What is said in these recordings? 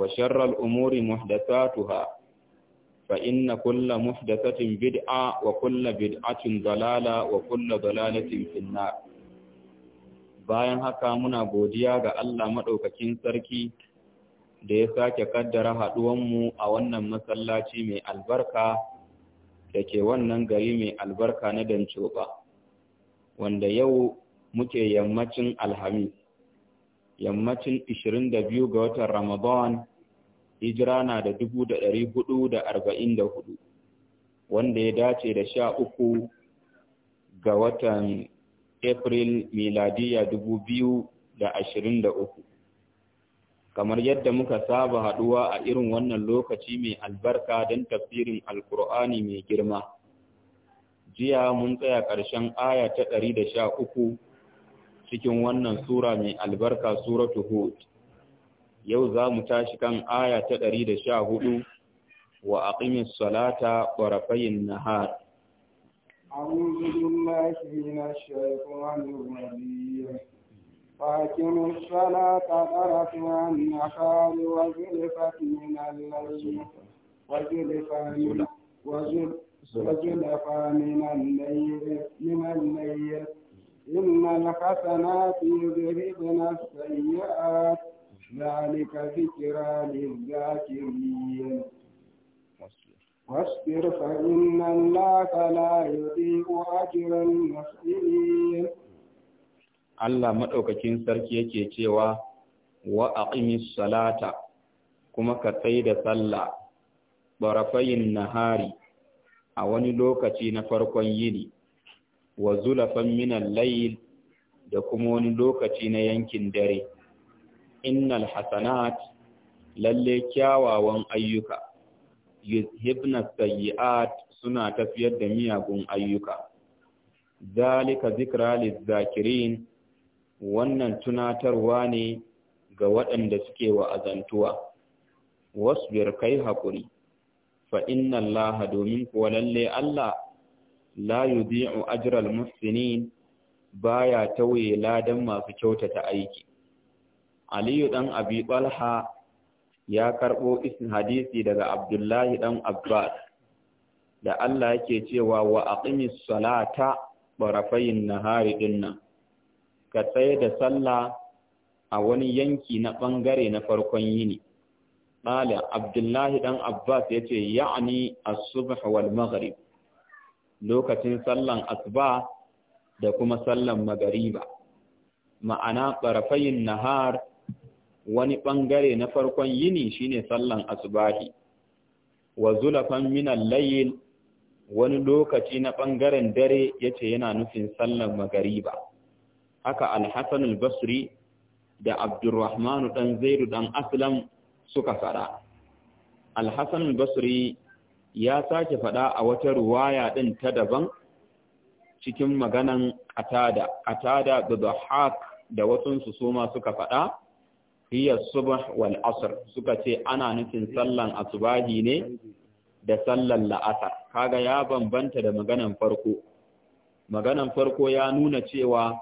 وشر الأمور محدثاتها فإن كل محدثة بدعة وكل بدعة ضلالة وكل ضلالة في النار bayan haka muna godiya ga Allah maɗaukakin sarki da ya sake kaddara mu a wannan masallaci mai albarka da ke wannan gari mai albarka na Dancoba, wanda yau muke yammacin Alhamis, yammacin 22 ga watan Ramadan hijira na da dubu da ɗari hudu da arba'in da hudu wanda ya dace da sha uku ga watan april miladiya dubu biyu da ashirin da uku kamar yadda muka saba haɗuwa a irin wannan lokaci mai albarka don tafsirin alkur'ani mai girma jiya mun tsaya ƙarshen aya ta ɗari da sha uku cikin wannan sura mai albarka suratu hud yau za mu tashi kan aya ta ɗari da sha hudu wa ƙimin salata ƙwarafayin na har. بالله من الشيطان الرجيم فاكم الصلاة طرفي النهار وزلفت من الليل من الليل من الليل إن الحسنات يذهبن السيئات ذلك ذكرى للذاكرين واصبر فإن الله لا يضيع أجر المحسنين Allah maɗaukakin sarki yake cewa wa salata kuma ka tsaye da sallah barafayin nahari a wani lokaci na farkon yini wa zulafan minal layl da kuma wani lokaci na yankin dare innal Hassanat lalle kyawawan ayyuka yuzhibna sayyi'at suna tafiyar da miyagun ayyuka zalika zikra lizakirin wannan tunatarwa ne ga waɗanda suke wa wa'azantuwa wasbir kai haƙuri fa inna Allah domin kuwa lalle Allah la yudhi'u ajral muhsinin baya tauye ladan masu kyautata aiki aliyu ɗan abi Ɓalha ya karɓo isin hadisi daga abdullahi Ɗan abbas da Allah yake cewa wa aqimis salata barafayin nahari dinnan ka tsaye da sallah a wani yanki na ɓangare na farkon yini Ɗala Abdullahi ɗan Abbas ya ce, Ya'ani asubah wal maghrib lokacin sallan asuba da kuma sallan magariba, ma'ana ɓarafayin nahar wani ɓangare na farkon yini shine sallan asubahi wa zulafan minal layl wani lokaci na ɓangaren dare yace yana nufin sallan magariba haka al-Hasan al-Basri da Abdurrahman dan Zaid dan Aslam suka fada al-Hasan al-Basri ya sake fada a wata ruwaya din ta daban cikin maganan Qatada Qatada da Dhahak da wasunsu su suka fada hiya subh wal asr suka ce ana nufin sallan asubahi ne da sallan la'asar kaga ya bambanta da maganan farko maganan farko ya nuna cewa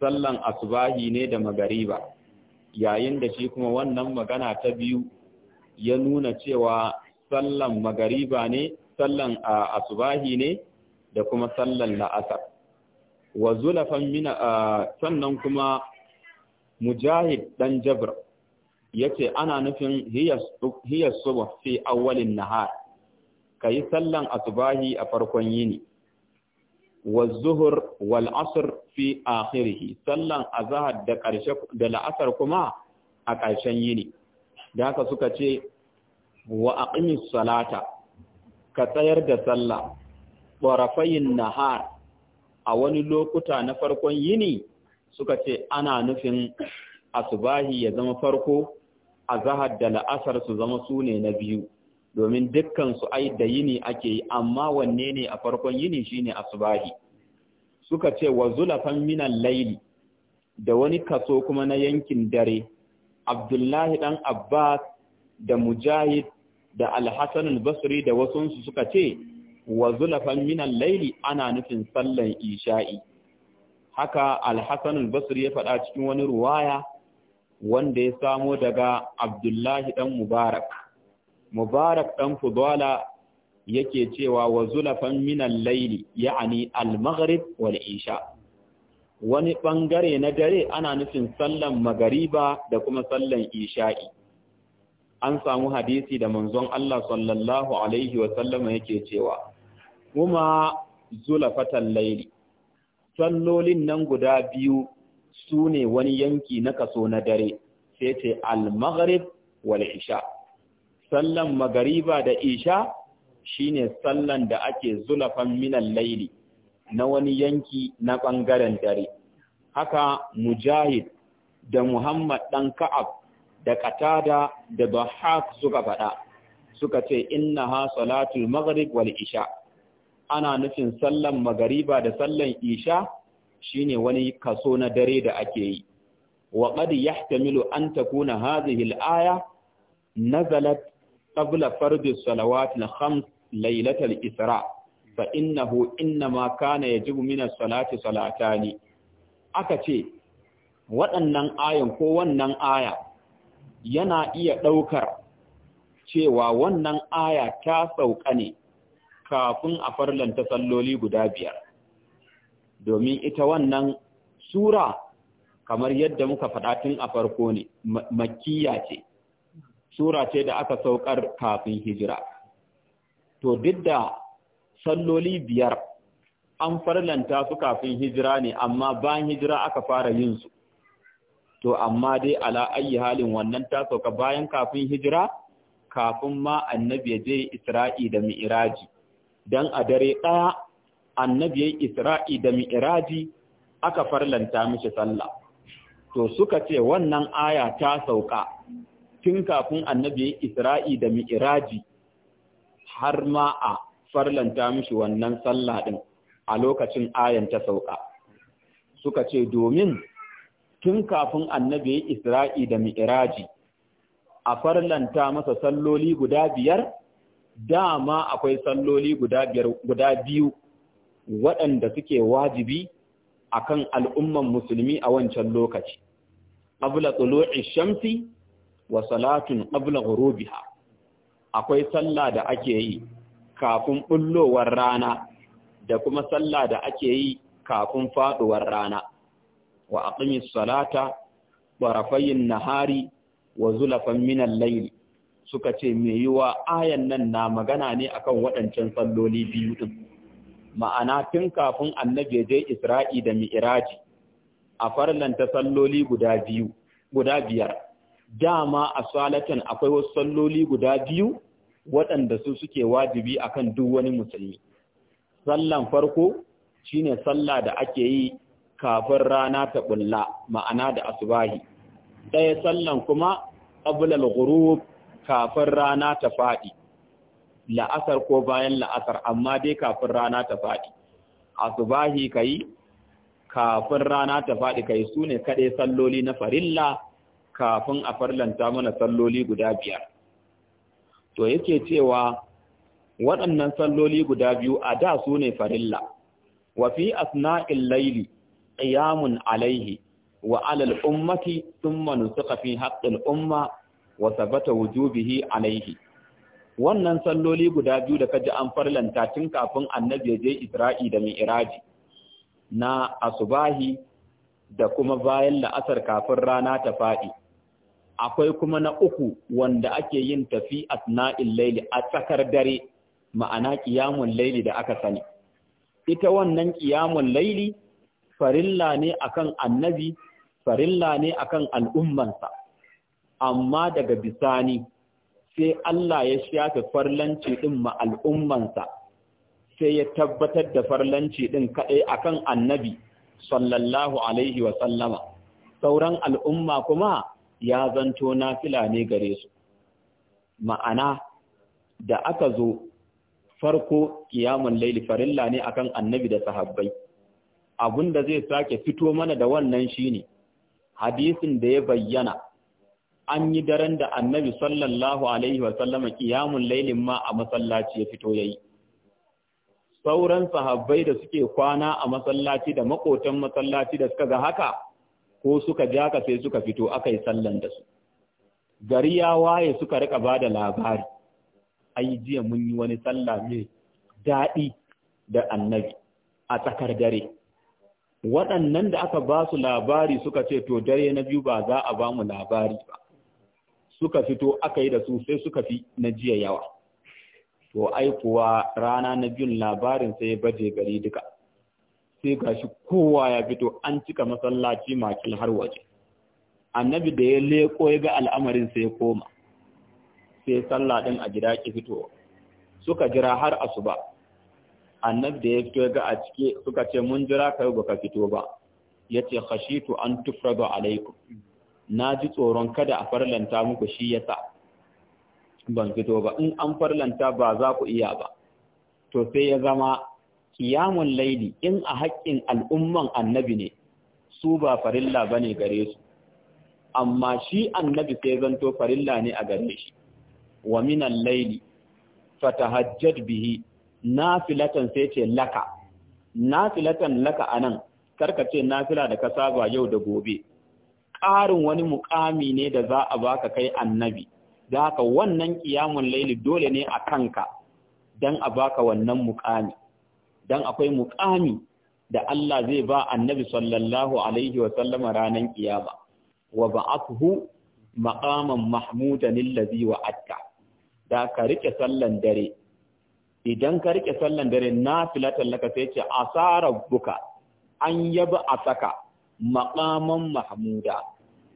sallan asubahi ne da magariba yayin da shi kuma wannan magana ta biyu ya nuna cewa sallan magariba ne sallan asubahi ne da kuma sallan la'asar wa zulafan mina sannan kuma mujahid dan jabr ce ana nufin hiya suba fi awwalin nahar kayi sallan asubahi a farkon yini wa zuhur wal asr fi akhirih sallan azhar da karshe da la'asar kuma a ƙarshen yini da haka suka ce wa aqimis salata ka tsayar da sallah tsorafayin nahar a wani lokuta na farkon yini suka ce ana nufin asubahi ya zama farko a zahar da la'asar su zama su ne na biyu domin dukkansu ai da yini ake yi amma wanne ne a farkon yini shine asubahi suka ce wa zulafan minan laili da wani kaso kuma na yankin dare abdullahi dan abbas da mujahid da alhassan albasri da wasunsu suka ce wa zulafan minan laili ana nufin sallan isha'i haka al-hasan al-basri ya faɗa cikin wani ruwaya wanda ya samo daga abdullahi dan mubarak mubarak dan fudwala yake cewa wa zulafan min al-layli ya'ni al-maghrib wal isha wani bangare na dare ana nufin sallan magariba da kuma sallan isha'i an samu hadisi da manzon Allah sallallahu alaihi wa sallama yake cewa kuma zulafatan Laili. sallolin nan guda biyu su ne wani yanki na kaso na dare sai ce al-maghrib wal isha sallan magariba da isha shine sallan da ake zulafan minan laili na wani yanki na ɓangaren dare haka mujahid da muhammad ɗan ka'ab da katada da bahak suka faɗa suka ce inna ha salatul maghrib wal isha' ana nufin sallan magariba da sallan isha shine wani kaso na dare da ake yi wa qad yahtamilu an takuna hadhihi al-aya nazalat qabla as salawat al-khams laylat al-isra fa innahu ma kana yajibu min as-salati salatani aka ce waɗannan ayan ko wannan aya yana iya ɗaukar cewa wannan aya ta sauka ne kafin a farlanta salloli guda biyar domin ita wannan sura kamar yadda muka faɗa tun a farko ne makiya ce sura ce da aka saukar kafin hijira to duk da salloli biyar an farlanta su kafin hijira ne amma bayan hijira aka fara yin su to amma dai ala ayi halin wannan ta sauka bayan kafin hijira kafin ma annabi ya je Isra'i da Mi'iraji. dan a dare ɗaya annabi ya isra'i da mi'iraji aka farlanta mishi sallah to suka ce wannan aya ta sauka tun kafin annabi ya isra'i da mi'iraji har ma a farlanta mishi wannan sallah din a lokacin ayan ta sauka suka ce domin tun kafin annabi ya isra'i da mi'iraji a farlanta masa salloli guda biyar dama akwai salloli guda biyu waɗanda suke wajibi akan al'umman musulmi a wancan lokaci qabla tulu'i shamsi wa salatun qabla ghurubiha akwai sallah da ake yi kafin bullowar rana da kuma sallah da ake yi kafin faduwar rana wa aqimis salata ɓarafayin nahari wa zulafan min al suka ce mai yiwa ayan nan na magana ne akan waɗancan salloli biyu din ma'ana tun kafin annabi je Isra'i da Mi'raji a farlanta salloli guda biyu guda biyar dama a salatan akwai wasu salloli guda biyu waɗanda su suke wajibi akan duk wani musulmi sallan farko shine sallah da ake yi kafin rana ta bulla ma'ana da asubahi ɗaya sallan kuma al ghurub kafin rana ta faɗi la'asar ko bayan la'asar amma dai kafin rana ta faɗi asubahi kai kafin rana ta faɗi kai su ne kaɗai salloli na farilla kafin a farlanta mana salloli guda biyar to yake cewa waɗannan salloli guda biyu a da su ne farilla wa fi asna'il laili qiyamun alaihi wa alal'ummati ummati thumma nusuka fi haqqil umma wa sabata wujubihi alaihi wannan salloli guda biyu da kaji an farlanta tun kafin annabi je Isra'i da Mi'raji na asubahi da kuma bayan la'asar kafin rana ta faɗi akwai kuma na uku wanda ake yin tafi asna'il laili a tsakar dare ma'ana qiyamul laili da aka sani ita wannan qiyamul laili farilla ne akan annabi farilla ne akan al'ummansa amma daga bisani sai Allah ya shafe farlanci din ma al'ummansa sai ya tabbatar da farlanci din kadai akan annabi sallallahu alaihi wa sallama sauran al'umma kuma ya zanto nafila ne gare su ma'ana da aka zo farko kiyamun laili farilla ne akan annabi da sahabbai abunda zai sake fito mana da wannan shine hadisin da ya bayyana an yi daren da annabi sallallahu alaihi sallama kiyamun lailin ma a masallaci ya fito yayi sauran sahabbai da suke kwana a masallaci da makotan masallaci da suka ga haka ko suka jaka sai suka fito aka yi sallan da su gari ya waye suka rika bada labari ai jiya mun yi wani sallah mai daɗi da annabi a tsakar dare waɗannan da aka ba su labari suka ce to dare na biyu ba za a ba mu labari ba suka fito aka yi da su sai suka fi na jiya yawa. To ai kuwa rana na biyun labarin sai ya baje gari duka. Sai gashi kowa ya fito an cika masallaci makil har waje. Annabi da ya leko ya ga al'amarin sai ya koma. Sai sallah ɗin a gida ki fitowa. Suka jira har asuba. Annabi da ya fito ya ga a cike suka ce mun jira kai baka fito ba. Yace khashitu an tufradu alaikum. na ji tsoron kada a farlanta muku shi yasa ban fito ba in an farlanta ba za ku iya ba to sai ya zama kiyamun laili in a haƙƙin al'umman annabi ne su ba farilla bane gare su amma shi annabi sai zanto farilla ne a gare shi wa minan laili fatahajjad bihi nafilatan sai ce laka nafilatan laka anan karka ce fila da ka saba yau da gobe ƙarin wani mukami ne da za a baka kai annabi da haka wannan ƙiyaman laili dole ne a kanka don a baka wannan mukami don akwai mukami da Allah zai ba annabi sallallahu alaihi wa sallama ranar ƙiyama wa ba'athu maqaman mahmudan allazi wa'adta da ka riƙe sallan dare idan ka riƙe sallan dare na nafilatan laka sai ce asara buka an yaba a asaka Maƙaman mahmuda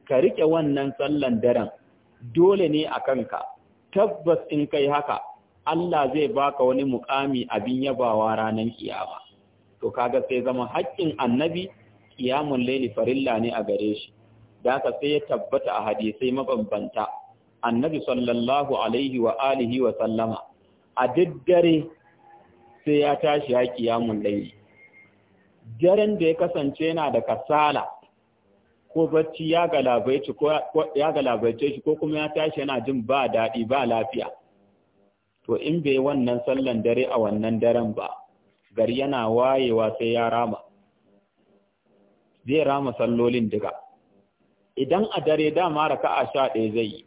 ka riƙe wannan sallan daren dole ne a kanka tabbas in kai haka Allah zai baka wani mukami abin yabawa ranar kiyama to kaga sai zama haƙƙin annabi ƙiyamun laili farilla ne a gare shi da ka sai ya tabbata a hadisai mabambanta annabi sallallahu alaihi wa alihi wa sallama a daddare sai ya tashi ya kiyamun laili daren da ya kasance yana da kasala ko bacci ya galabaice shi ko kuma ya tashi yana jin ba daɗi ba lafiya to in bai wannan sallan dare a wannan daren ba gari yana wayewa sai ya rama zai rama sallolin diga idan a dare dama a sha ɗaya zai yi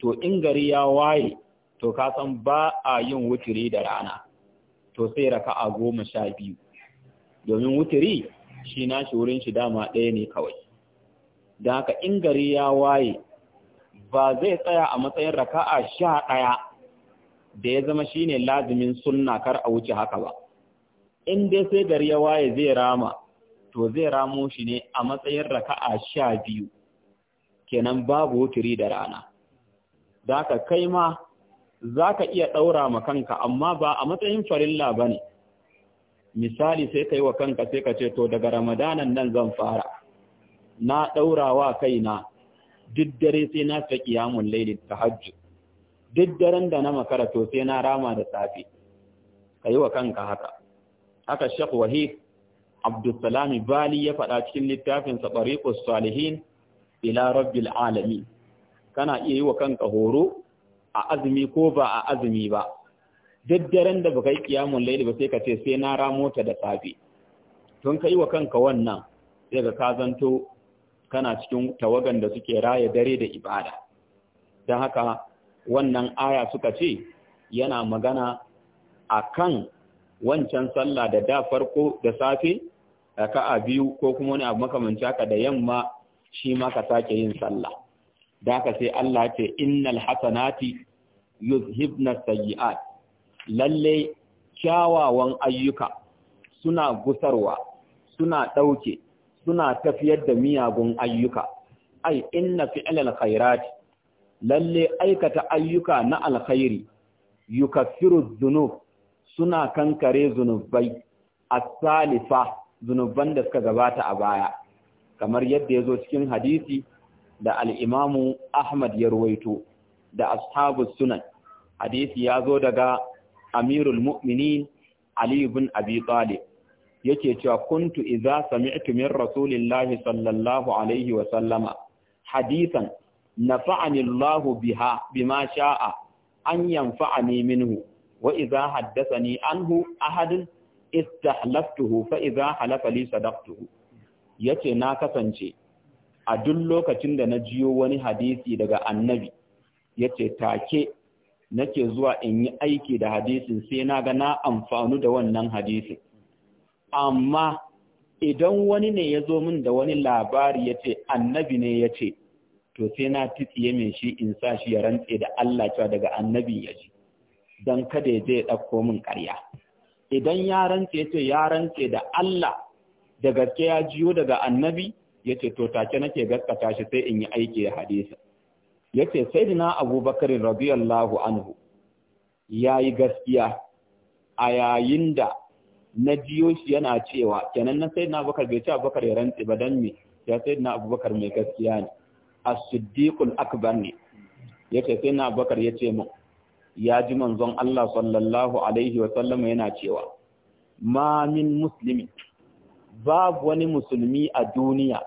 to in gari ya waye to ka san ba a yin wuturi da rana to sai raka a goma sha biyu domin wutiri shi nashi wurin shi dama ɗaya ne kawai da haka in gari ya waye ba zai tsaya a matsayin raka'a sha ɗaya da ya zama shi ne lazimin sunna kar a wuce haka ba in dai sai gari ya waye zai rama to zai ramo shi ne a matsayin raka'a sha biyu kenan babu wutiri da rana da haka kai ma za ka iya ɗaura ma kanka amma ba a matsayin farilla ba ne misali sai ka yi wa kanka sai ka ce to daga ramadanan nan zan fara na ɗaurawa kaina diddare sai na ta kiyamun ta tahajjud duk daren da na makara to sai na rama da safe kai wa kanka haka haka Sheikh Wahib Abdulsalam Bali ya faɗa cikin littafin sa Tariqus Salihin ila Rabbil Alamin kana iya yi wa kanka horo a azumi ko ba a azumi ba Daddaren da baka yi kiyamun laili ba sai ka ce sai na ramo ta da safe tun yi wa kanka wannan sai ga ka kana cikin tawagan da suke raya dare da ibada don haka wannan aya suka ce yana magana a kan wancan sallah da da farko da safe da ka a biyu ko kuma wani abu makamanci haka da yamma shi ma ka sake yin sallah da haka sai Allah ce innal hasanati yuzhibna sayi'at lalle kyawawan ayyuka suna gusarwa suna ɗauke suna tafiyar da miyagun ayyuka ai inna fi'lal khairati lalle aikata ayyuka na alkhairi yukaffiru dhunub suna kankare zunubai as-salifa zunuban da suka gabata a baya kamar yadda yazo cikin hadisi da al-imamu Ahmad ya ruwaito da ashabu sunan hadisi yazo daga amirul mu'minin Ali ibn Abi Talib yake cewa kuntu idza sami'tu min rasulillahi sallallahu alaihi wa sallama hadithan nafa'ani Allahu biha bima sha'a an yanfa'ani minhu wa idza haddathani anhu ahadun istahlaftuhu fa idza halafa li sadaqtuhu yace na kasance a duk lokacin da na jiyo wani hadisi daga annabi yace take nake zuwa in yi aiki da hadisin sai na ga na amfanu da wannan hadisin amma idan wani ne ya zo min da wani labari ya ce annabi ne ya ce to sai na tsiye mai shi in sa shi ya rantse da Allah cewa daga annabin ya ji don kada ya je ya ɗauko min ƙarya idan ya rantse ya ce ya rantse da Allah da gaske ya jiyo daga annabi ya ce to take nake gaskata shi sai in yi aiki da hadisin yace sayyidina abubakar radiyallahu anhu yayi gaskiya a yayin da na jiyo shi yana cewa kenan na sayyidina abubakar bai ce abubakar ya rantsi ba dan me ya sayyidina abubakar mai gaskiya ne as-siddiqul akbar ne yace sayyidina abubakar yace mu ya ji manzon Allah sallallahu alaihi wa sallam yana cewa ma min muslimin babu wani musulmi a duniya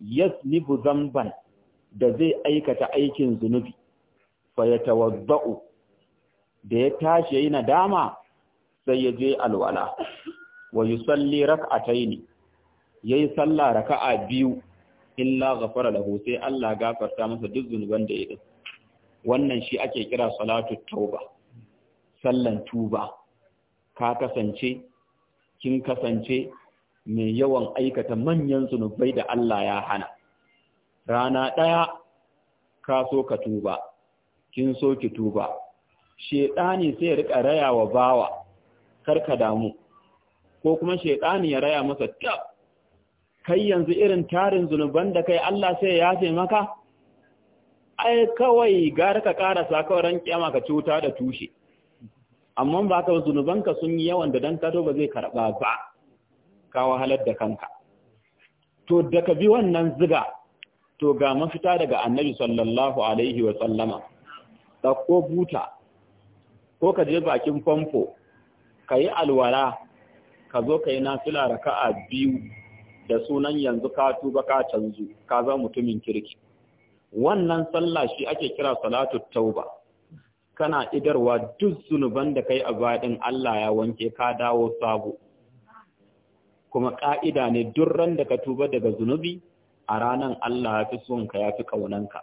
yaslibu zamban da zai aikata aikin zunubi fa ya tawadda'u da ya tashi yayin nadama sai ya je alwala wa yusalli Ya yayi sallah raka'a biyu illa ghafara lahu sai Allah gafarta masa duk zunuban da ya wannan shi ake kira salatu tauba sallan tuba ka kasance kin kasance mai yawan aikata manyan zunubai da Allah ya hana rana ɗaya ka so ka tuba kin so ki tuba shaiɗani sai ya riƙa raya wa bawa karka damu ko kuma shaiɗani ya raya masa tab kai yanzu irin tarin zunuban da kai Allah sai ya yafe maka ai kawai gara ka karasa kawai ran ƙyama ka cuta da tushe amma ba ka zunubanka sun yi yawan da dan kato ba zai karɓa ba ka wahalar da kanka to da ka bi wannan ziga to ga mafita daga annabi sallallahu alaihi wa sallama ɗauko buta ko ka je bakin famfo ka yi alwala ka zo ka yi nafila raka'a biyu da sunan yanzu ka tuba ka canzu ka za mutumin kirki wannan sallah shi ake kira salatu tauba kana idarwa duk zunuban da kai a baɗin Allah ya wanke ka dawo sabo kuma ƙa'ida ne duk ran da ka tuba daga zunubi a ranan Allah ya fi son ka ya fi ƙaunanka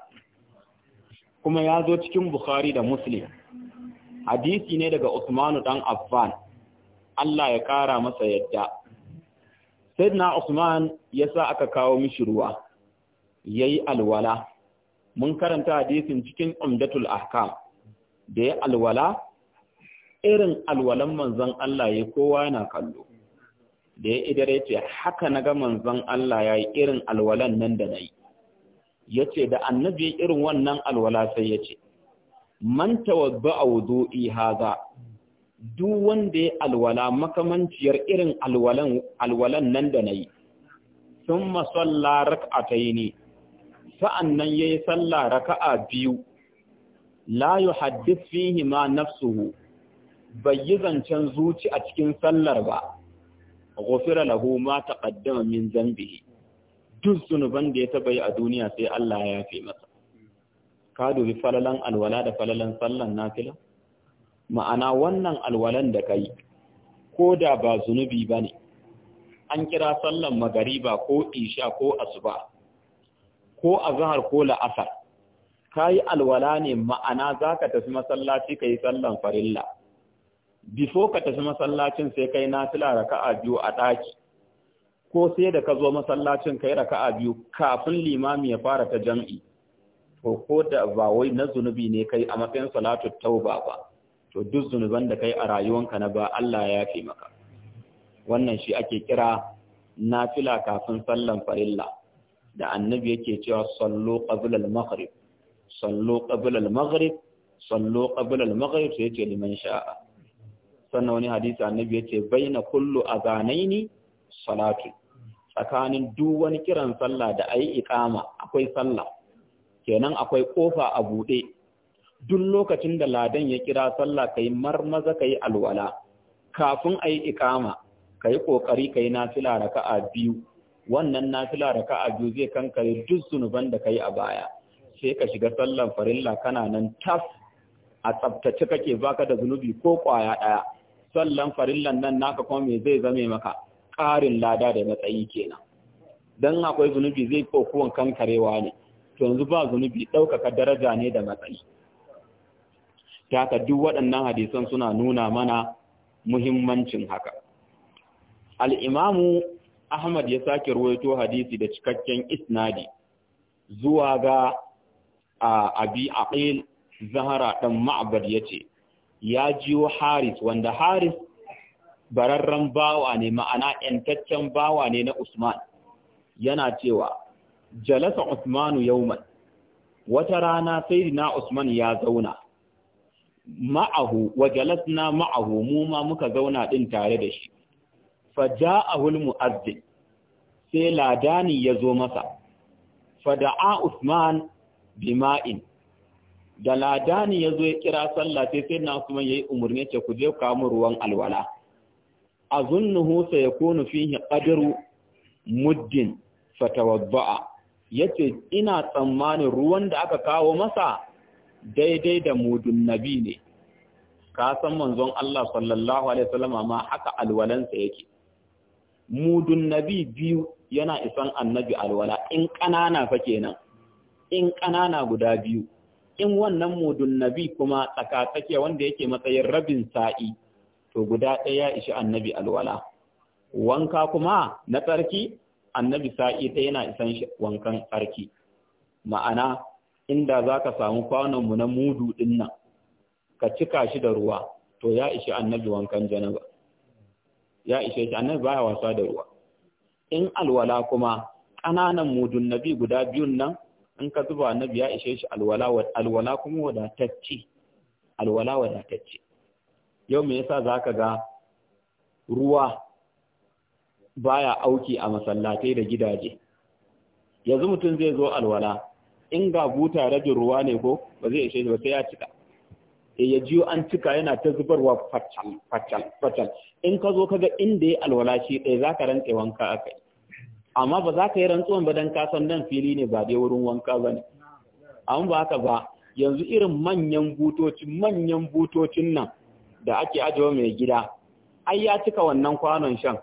kuma ya zo cikin Bukhari da Muslim hadisi ne daga Usmanu ɗan Affan Allah ya ƙara masa yadda na Usman ya sa aka kawo mishi ruwa Ya yi alwala mun karanta hadisin cikin Umdatul Ahkam da ya alwala irin alwalan manzon Allah ya kowa yana kallo da ya idare ce haka na ga manzon Allah ya yi irin alwalan nan da na yi ya ce da annabi irin wannan alwala sai ya ce man tawadda a wudu'i haza duk wanda ya alwala makamanciyar irin alwalan nan da na yi sun masalla yi ne sa'an nan ya yi salla raka'a biyu la yi haddis ma nafsuhu bai yi zancen zuci a cikin sallar ba ghufira lahu ma taqaddama min zambihi duk zunuban da ya taba yi a duniya sai Allah ya yafe masa ka dubi falalan alwala da falalan sallan nafila ma'ana wannan alwalan da kai ko da ba zunubi bane an kira sallan magariba ko isha ko asuba ko azhar ko la'asar kayi alwala ne ma'ana zaka tafi masallaci kai sallan farilla bifo ka tafi masallacin sai kai na nafila raka'a biyu a ɗaki ko sai da ka zo masallacin kai raka'a biyu kafin limami ya fara ta jam'i to ko da ba wai na zunubi ne kai a matsayin salatu tauba ba to duk zunuban da kai a rayuwanka na ba Allah ya yafe maka wannan shi ake kira nafila kafin sallan farilla da annabi yake cewa sallu qabla al-maghrib sallu qabla al-maghrib sallu qabla al-maghrib sai ce liman sha'a sannan wani hadisi annabi yace baina kullu a azanaini salatu tsakanin duk wani kiran sallah da ayi iqama akwai sallah kenan akwai kofa a buɗe. duk lokacin da ladan ya kira sallah kai marmaza kai alwala kafin ayi iqama kai kokari kai nafila raka'a biyu wannan nafila raka'a biyu zai kankare duk zunuban da kai a baya sai ka shiga sallan farilla kana nan tas. a tsabtace kake baka da zunubi ko kwaya ɗaya sallan farillan nan naka kuma me zai zame maka ƙarin lada da matsayi kenan dan akwai zunubi zai kokuwan kankarewa ne to yanzu ba zunubi ɗaukaka daraja ne da matsayi ta duk waɗannan hadisan suna nuna mana muhimmancin haka al'imamu ahmad ya sake ruwaito hadisi da cikakken isnadi zuwa ga abi aqil zahara ɗan ma'bad ya ce ya jiwo haris wanda haris bararren bawa ne ma'ana ‘yantaccen bawa ne na Usman, yana cewa, Jalasa Usmanu yauman, wata rana sai na Usman ya zauna, ma'ahu, wa jalasna ma'ahu mu ma muka zauna ɗin tare da shi, faja a hulmu azdin, sai ladani ya zo masa, fada'a Usman bima'in, da ladani ya zo ya kira sallah sai sai na Usman yayi umurni ce ku je ku kawo ruwan alwala azunnuhu sayakunu fihi qadru muddin fatawadda'a yace ina tsammanin ruwan da aka kawo masa daidai da mudun nabi ne ka san manzon Allah sallallahu alaihi wasallama ma haka alwalansa yake mudun nabi biyu yana isan annabi alwala in ƙanana fa kenan in ƙanana guda biyu in wannan mudun nabi kuma tsakatsake wanda yake matsayin rabin sa'i to guda ɗaya ya ishi annabi alwala wanka kuma na tsarki annabi sa'i ɗaya yana isan wankan tsarki ma'ana inda za ka samu kwanonmu na mudu ɗin nan ka cika shi da ruwa to ya ishi annabi wankan janaba ya ishe shi annabi baya wasa da ruwa in alwala kuma ƙananan mudun nabi guda biyun nan in ka zuba annabi ya ishe shi alwala kuma wadatacce alwala wadatacce yau me yasa zaka ga ruwa baya auki a masallatai da gidaje yanzu mutum zai zo alwala in ga buta rajin ruwa ne ko ba zai ishe shi ba sai ya cika e ya jiyo an cika yana ta zubarwa fatal fatal in ka zo kaga inda ya alwala shi ɗaya zaka rantse wanka akai amma ba za ka yi rantsuwan ba don kasan nan fili ne ba dai wurin wanka ba ne amma ba haka ba yanzu irin manyan butocin manyan butocin nan da ake ajiye mai gida ai ya cika wannan kwanon shan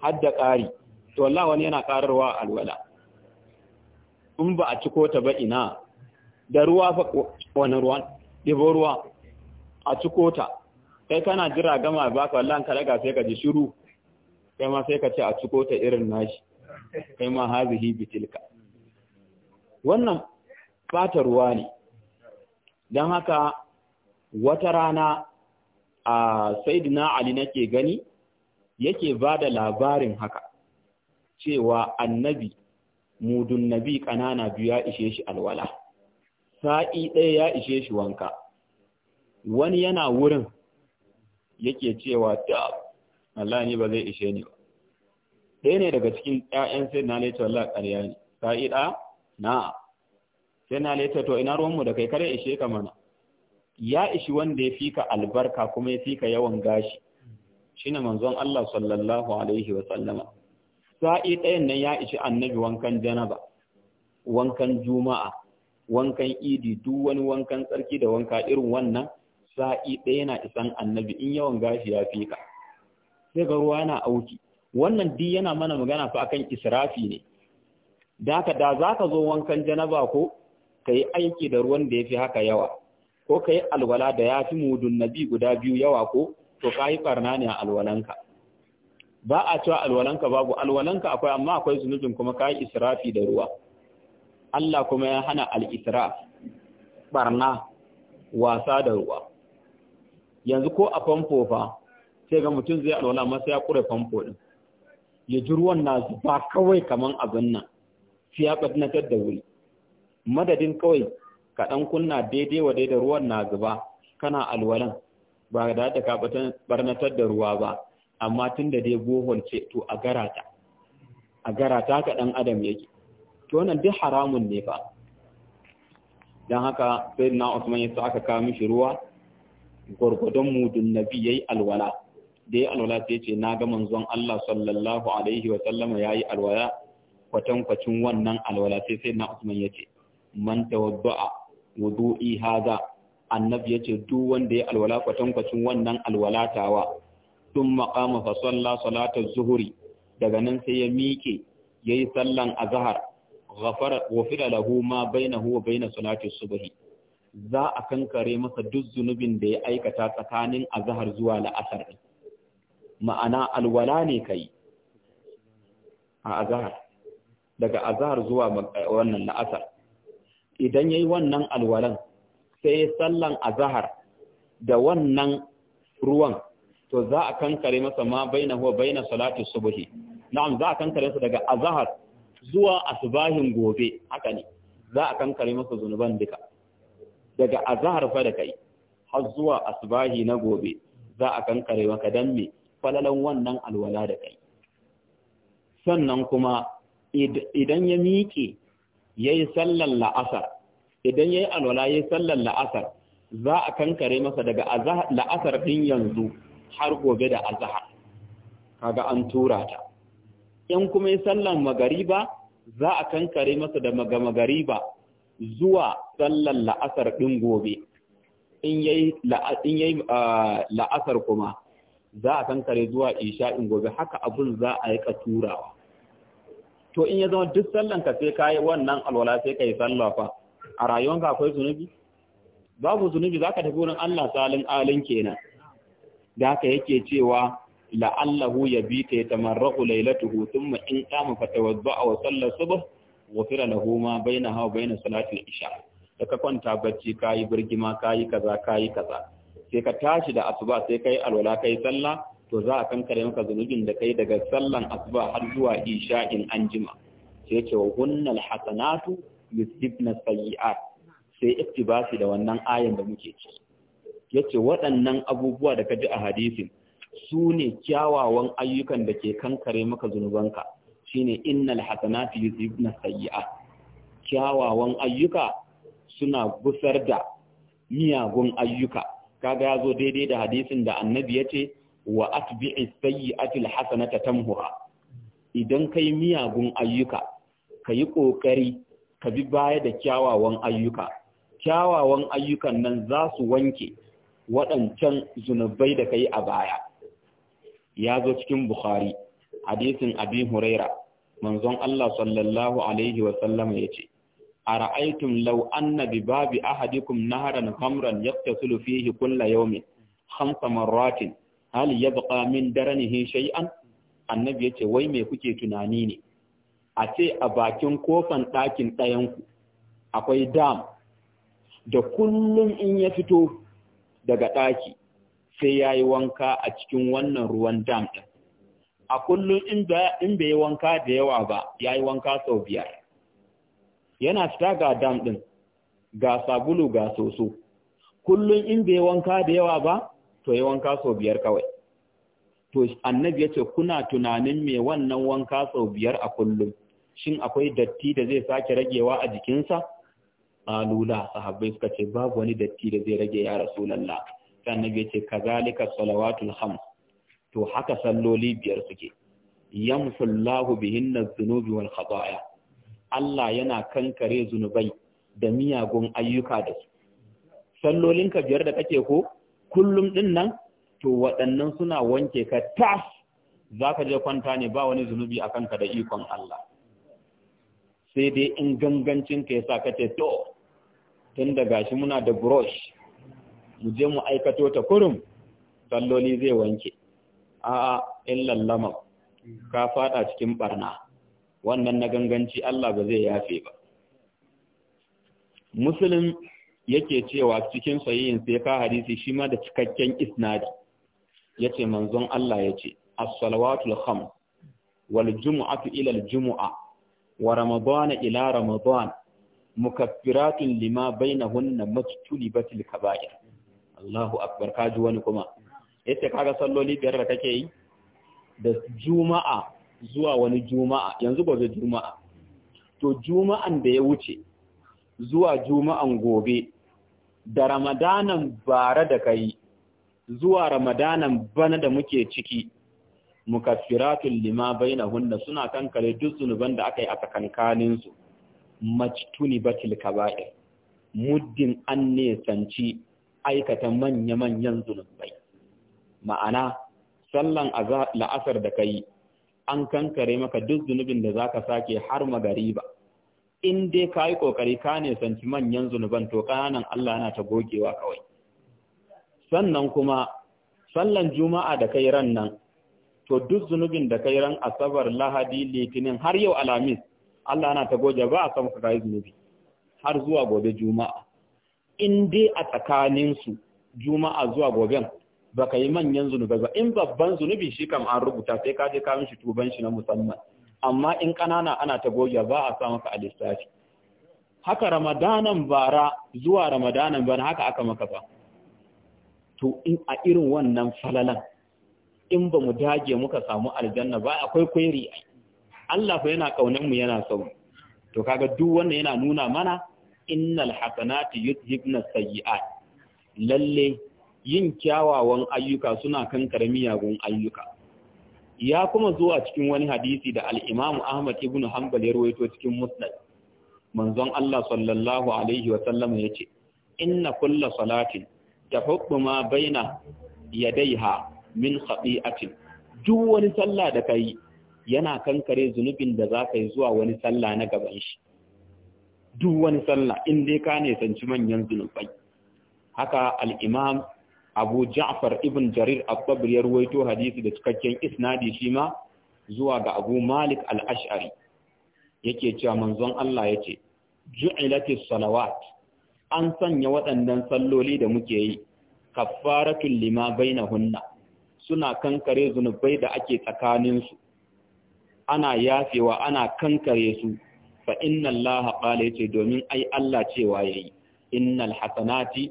har da ƙari to Allah wani yana ƙararwa alwala in ba a ciko ta ba ina da ruwa fa wani ruwan ɗibo ruwa a ciko ta kai kana jira gama ba ka wallahi ka daga sai ka ji shiru kai ma sai ka ce a ciko ta irin nashi kai ma hazihi bitilka wannan fatarwa ruwa ne don haka wata rana a saidina ali nake gani yake ba da labarin haka cewa annabi mudun nabi ƙanana biyu ya ishe shi alwala sa'i ɗaya ya ishe shi wanka wani yana wurin yake cewa ta Allah ne ba zai ishe ni ba ɗaya ne daga cikin ƴaƴan sai na laita wallahi ƙarya ne sa'ida na sai na laita to ina ruwanmu da kai kare ishe ka mana ya ishi wanda ya fika albarka kuma ya fika yawan gashi shine manzon Allah sallallahu alaihi wa sallama sa'i ɗayan nan ya ishi annabi wankan janaba wankan juma'a wankan idi duk wani wankan tsarki da wanka irin wannan sa'i ɗaya na isan annabi in yawan gashi ya fika sai ga ruwa na auki wannan din yana mana magana fa akan israfi ne da ka da za ka zo wankan janaba ko ka aiki da ruwan da ya fi haka yawa ko ka alwala da yafi fi mudun nabi guda biyu yawa ko to ka barna ne a alwalanka ba a cewa alwalanka babu alwalanka akwai amma akwai zunubin kuma ka israfi da ruwa Allah kuma ya hana al-israf barna wasa da ruwa yanzu ko a famfo fa sai ga mutum zai alwala masa ya kure famfo din ya ji ruwan na zuba kawai kamar abin nan sai ya da wuri madadin kawai kaɗan ɗan kunna daidai wa daidai ruwan na zuba kana alwalan ba da ta ka ɓarnatar da ruwa ba amma tun da dai bohol ce to a garata a garata ka ɗan adam yake to wannan duk haramun ne fa don haka sai na Usman ya aka kawo mishi ruwa gwargwadon mudun nabi yayi alwala da ya alwala sai ce na ga manzon Allah sallallahu alaihi wa sallama yayi alwala kwatankwacin wannan alwala sai sai na Usman yace man tawadda'a wudu'i hadha annabi yace duk wanda ya alwala kwatankwacin wannan alwalatawa Tun maqama fa salla salata zuhuri daga nan sai ya miƙe yayi sallan azhar ghafara fira lahu ma bainahu wa bain salati subhi za a kankare masa duk zunubin da ya aikata tsakanin azhar zuwa la'asar ma'ana alwala ne kai a azhar daga azhar zuwa eh, wannan la'asar idan yayi wannan alwalan sai sallan azhar da wannan ruwan to za a kankare masa ma baina huwa baina salati subhi na'am za a kankare masa daga azhar zuwa asbahin gobe haka ne za a kankare masa zunuban duka daga azhar fa da kai har zuwa asbahi na gobe za a kankare maka dan me falalan wannan alwala da kai sannan kuma idan ya miƙe ya yi sallan la'asar idan ya yi alwala ya yi sallan la'asar za a kankare masa daga la'asar ɗin yanzu har gobe da azahar kaga an tura ta in kuma yi sallan magariba za a kankare masa daga magariba zuwa sallan la'asar ɗin gobe in yayi ah, la'asar kuma za a kankare zuwa isha'in gobe haka abun za a yi turawa to in ya zama duk sallan ka sai kayi wannan alwala sai kai sallah fa a rayuwanka akwai zunubi babu zunubi zaka tafi wurin Allah salin alin kenan da haka yake cewa la'allahu ya yabita yatamarraqu laylatuhu thumma in qama fatawadda'a wa salla subh fira lahu ma bainaha wa bain salati al-isha da ka kwanta bacci kayi birgima kayi kaza kayi kaza sai ka tashi da asuba sai kai alwala kai sallah to za a kankare maka zunubin da kai daga sallan asuba har zuwa isha'in anjima sai ce wa hunnal hasanatu yusibna sayyi'at sai iktibasi da wannan ayan da muke ci yace waɗannan abubuwa da ka ji a hadisin su ne kyawawan ayyukan da ke kankare maka zunubanka shine innal hasanatu yusibna sayyi'at kyawawan ayyuka suna gusar da miyagun ayyuka kaga ya zo daidai da hadisin da annabi ya ce wa atbi'i sayyi'atil hasanata tamhuha idan kai miyagun ayyuka ka yi ƙoƙari ka bi baya da kyawawan ayyuka kyawawan ayyukan nan za su wanke waɗancan zunubai da ka a baya ya zo cikin bukhari hadisin abi huraira manzon Allah sallallahu alaihi wasallam ya ce ara'aytum law anna bi babi ahadikum naharan khamran yaqtasilu fihi kulla yawmin khamsa marratin hal yabqa min daranihi shay'an annabi yace wai me kuke tunani ne a ce a bakin kofan ɗakin ɗayanku akwai dam da kullum in ya fito daga ɗaki sai ya yi wanka a cikin wannan ruwan dam ɗin. A kullum in bai yi wanka da yawa ba, ya yi wanka sau biyar. yana fita ga dam ɗin ga sabulu ga soso kullum in bai wanka da yawa ba to yi wanka sau biyar kawai to annabi ya ce kuna tunanin mai wannan wanka sau biyar a kullum shin akwai datti da zai sake ragewa a jikinsa alula sahabbai suka ce babu wani datti da zai rage ya rasulullah sai annabi ya ce kazalika salawatul ham to haka salloli biyar suke yamsullahu bihinna dhunubi wal khataaya Allah yana kankare zunubai da miyagun ayyuka da su. Sallolinka biyar da kake ko, kullum ɗin nan, to waɗannan suna wanke ka tas, za ka je kwanta ne ba wani zunubi a kanka da ikon Allah. Sai dai in gangancinka ya sa ka ce, to, tun da gashi muna da brush, mu je mu aikato ta kurum, salloli zai wanke. A'a, in lallama, ka faɗa cikin ɓarna. wannan na ganganci Allah ba zai yafe ba muslim yake cewa cikin sahihin sai ka hadisi shi ma da cikakken isnadi yace manzon Allah yace as-salawatul kham, wal jumu'atu ila al jumu'a wa ramadan ila ramadan mukaffiratun lima bainahunna batil kaba'ir Allahu akbar kaji wani kuma yace kaga salloli biyar da kake yi da juma'a zuwa wani juma'a yanzu gobe juma'a to juma'an da ya wuce zuwa juma'an gobe da ramadanan bara da kai zuwa ramadanan bana da muke ciki mukaffiratun lima bainahunna suna kankare duk zunuban da aka yi a tsakankanin su majtuni batil kaba'ir muddin an nesanci aikata manya-manyan zunubai ma'ana sallan la'asar da kai an kankare maka duk zunubin da zaka sake har magariba in dai ka yi ka ne santi manyan zunuban to ƙananan Allah na ta gogewa kawai sannan kuma sallan juma'a da kai ran nan to duk zunubin da kai ran asabar lahadi litinin har yau alamis Allah na ta goge ba a san ka kai zunubi har zuwa gobe juma'a in dai a tsakanin su juma'a zuwa goben baka yi manyan zunubai ba in babban zunubi shi kam an rubuta sai ka je ka mishi tuban shi na musamman amma in kanana ana ta goge ba a sa maka a lissafi haka ramadanan bara zuwa ramadanan bana haka aka maka ba to in a irin wannan falalan in ba mu dage muka samu aljanna ba akwai kweri Allah fa yana kaunan mu yana son to kaga duk wanda yana nuna mana innal hasanati yuzhibna sayyi'at lalle yin kyawawan ayyuka suna kankare miyagun ayyuka ya kuma zo a cikin wani hadisi da al Ahmad ibn Hanbal ya rawaito cikin Musnad manzon Allah sallallahu alaihi wa sallam ce inna kulla salatin tahubbu ma baina daiha min khati'atin duk wani sallah da kai yana kankare zunubin da za ka yi zuwa wani sallah na gaban shi duk wani sallah in dai ka ne sanci manyan zunubai haka al abu ja'far ibn jarir al tabri ya ruwaito hadisi da cikakken isnadi shi ma zuwa ga abu malik al-ash'ari yake cewa manzon Allah yace ju'ilatis salawat an sanya waɗannan salloli da muke yi kaffaratul lima bainahunna suna kankare zunubai da ake tsakaninsu ana yafewa ana kankare su fa inna allaha qala yace domin ai Allah cewa yayi innal hasanati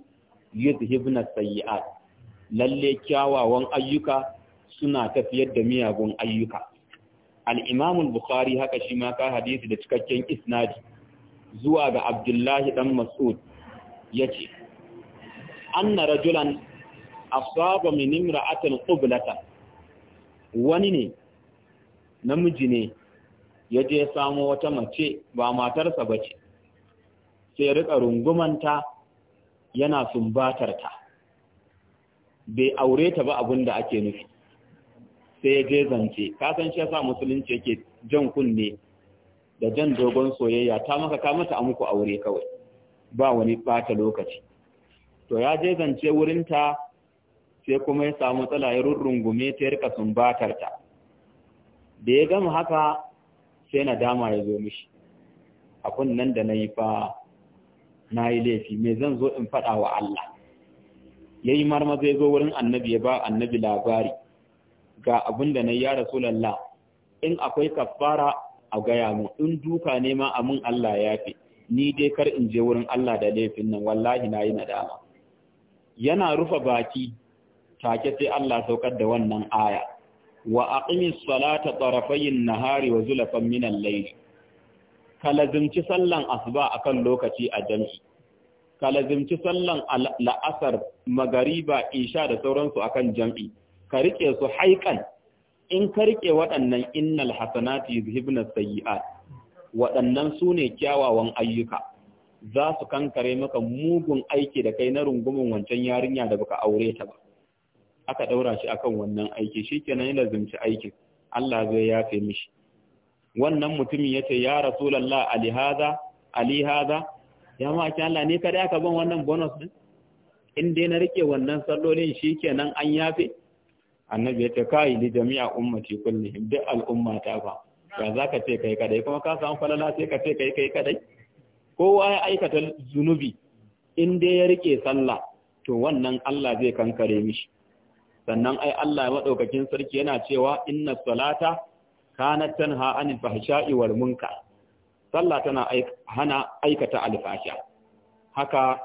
yuzhibna sayyi'at lalle kyawawan ayyuka suna tafiyar da miyagun ayyuka al-imam bukhari haka shi ma ka hadisi da cikakken isnadi zuwa ga abdullahi dan mas'ud yace anna rajulan asaba min imra'atin qiblatan wani ne namiji ne ya je samo wata mace ba matarsa ba ce. sai rika rungumanta yana sumbatar ta bai aure ta ba abin ake nufi sai je zance ka san shi yasa musulunci yake jan kunne da jan dogon soyayya ta maka ka mata amuku aure kawai ba wani bata lokaci to ya je zance wurin ta sai kuma ya samu matsala ya rurrungume ta yarka sumbatar ta da ya gama haka sai nadama ya zo mishi Akwai nan da na yi fa na yi laifi mai zan zo in faɗa wa Allah ya yi marmaza ya zo wurin annabi ya ba annabi labari ga abin da na yi ya rasulallah in akwai kafara a gaya mu in duka ne ma amin Allah ya fi ni dai kar in je wurin Allah da laifin nan wallahi na yi nadama yana rufe baki take sai Allah saukar da wannan aya wa a aqimis salata tsarafayin nahari wa zulafan min al kalazimci lazimci sallan asuba a kan lokaci a jami'i ka lazimci sallan la'asar magariba isha da sauransu a kan jami'i ka riƙe su haikan in ka riƙe waɗannan innal hasanati yuzhibna sayi'a waɗannan su ne kyawawan ayyuka za su kankare maka mugun aiki da kai na rungumin wancan yarinya da baka aure ta ba aka ɗaura shi akan wannan aiki shikenan ya lazimci aikin Allah zai yafe mishi wannan mutumin yace ya rasu ali hadha ali hadha ya ma Allah ne kada aka ban wannan bonus din in dai na rike wannan sallolin shikenan an yafe annabi ya ce, kai li jami'a ummati kullihim duk al'umma ta fa ba za ka ce kai kadai kuma ka samu falala sai ka ce kai kai kadai kowa ya aikata zunubi in dai ya rike sallah to wannan Allah zai kankare mishi sannan ai Allah madaukakin sarki yana cewa inna salata kanat tanha anil fahsha'i wal munkar sallah tana hana aikata alfasha haka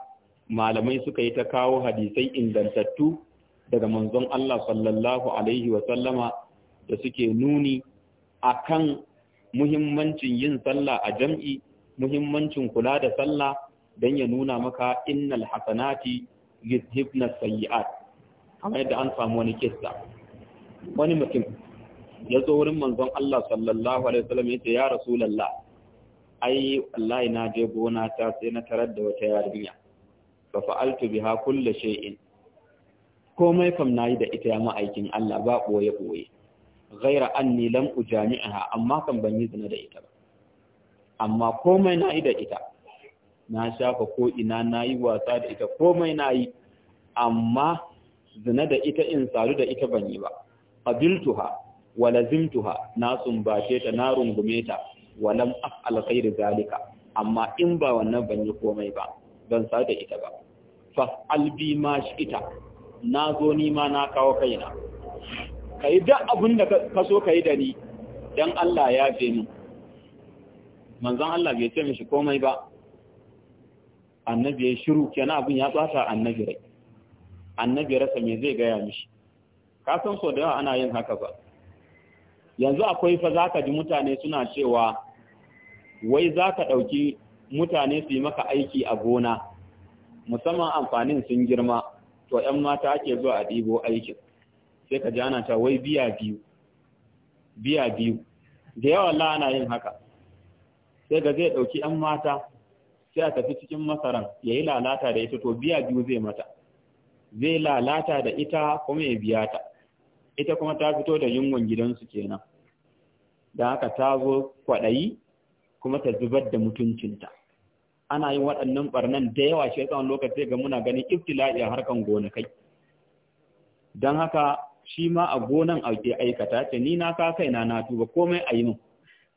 malamai suka yi ta kawo hadisai indantattu daga manzon Allah sallallahu alaihi wa sallama da suke nuni akan muhimmancin yin sallah a jam'i muhimmancin kula da sallah dan ya nuna maka innal hasanati yuzhibna sayyi'at kamar yadda an samu wani kissa wani mutum ya zo wurin manzon Allah sallallahu alaihi wasallam yace ya rasulullah ai wallahi na je gona ta sai na tarar da wata yarinya fa fa'altu biha kullu shay'in komai kam nayi da ita ya ma'aikin Allah ba boye boye ghaira anni lam ujami'aha amma kam ban yi zina da ita ba amma komai nayi da ita na shafa ko ina nayi wasa da ita komai nayi amma zina da ita in saru da ita ban yi ba qabiltuha walazimtuha na sumbace ta na rungume ta walam af'al khairu zalika amma in ba wannan ban yi komai ba dan sake ita ba fa albi ma shi ita na zo ni ma na kawo kaina kai da abin da ka so kai da ni dan Allah ya fe min manzon Allah bai ce mishi komai ba annabi ya shiru kenan abin ya tsata annabi rai annabi rasa me zai gaya mishi ka san so da yawa ana yin haka ba yanzu akwai fa za ka ji mutane suna cewa wai za ka ɗauki mutane su yi maka aiki a gona musamman amfanin sun girma to ‘yan mata ake zuwa a ɗibo aikin sai ka jana ta wai biya biyu biya biyu da yawa la yin haka sai ga zai ɗauki ‘yan mata sai a tafi cikin masaran ya yi lalata da ita to biya biyu zai mata zai lalata da ita kuma ya biya ta ita kuma ta fito da yunwan gidansu kenan da haka ta zo kwaɗayi kuma ta zubar da mutuncinta ana yin waɗannan ɓarnan da yawa shi tsawon lokaci ga muna ganin iftila'i a harkan gonakai don haka shi ma a gonan ake aikata ce ni na ka kai na tuba komai a yi min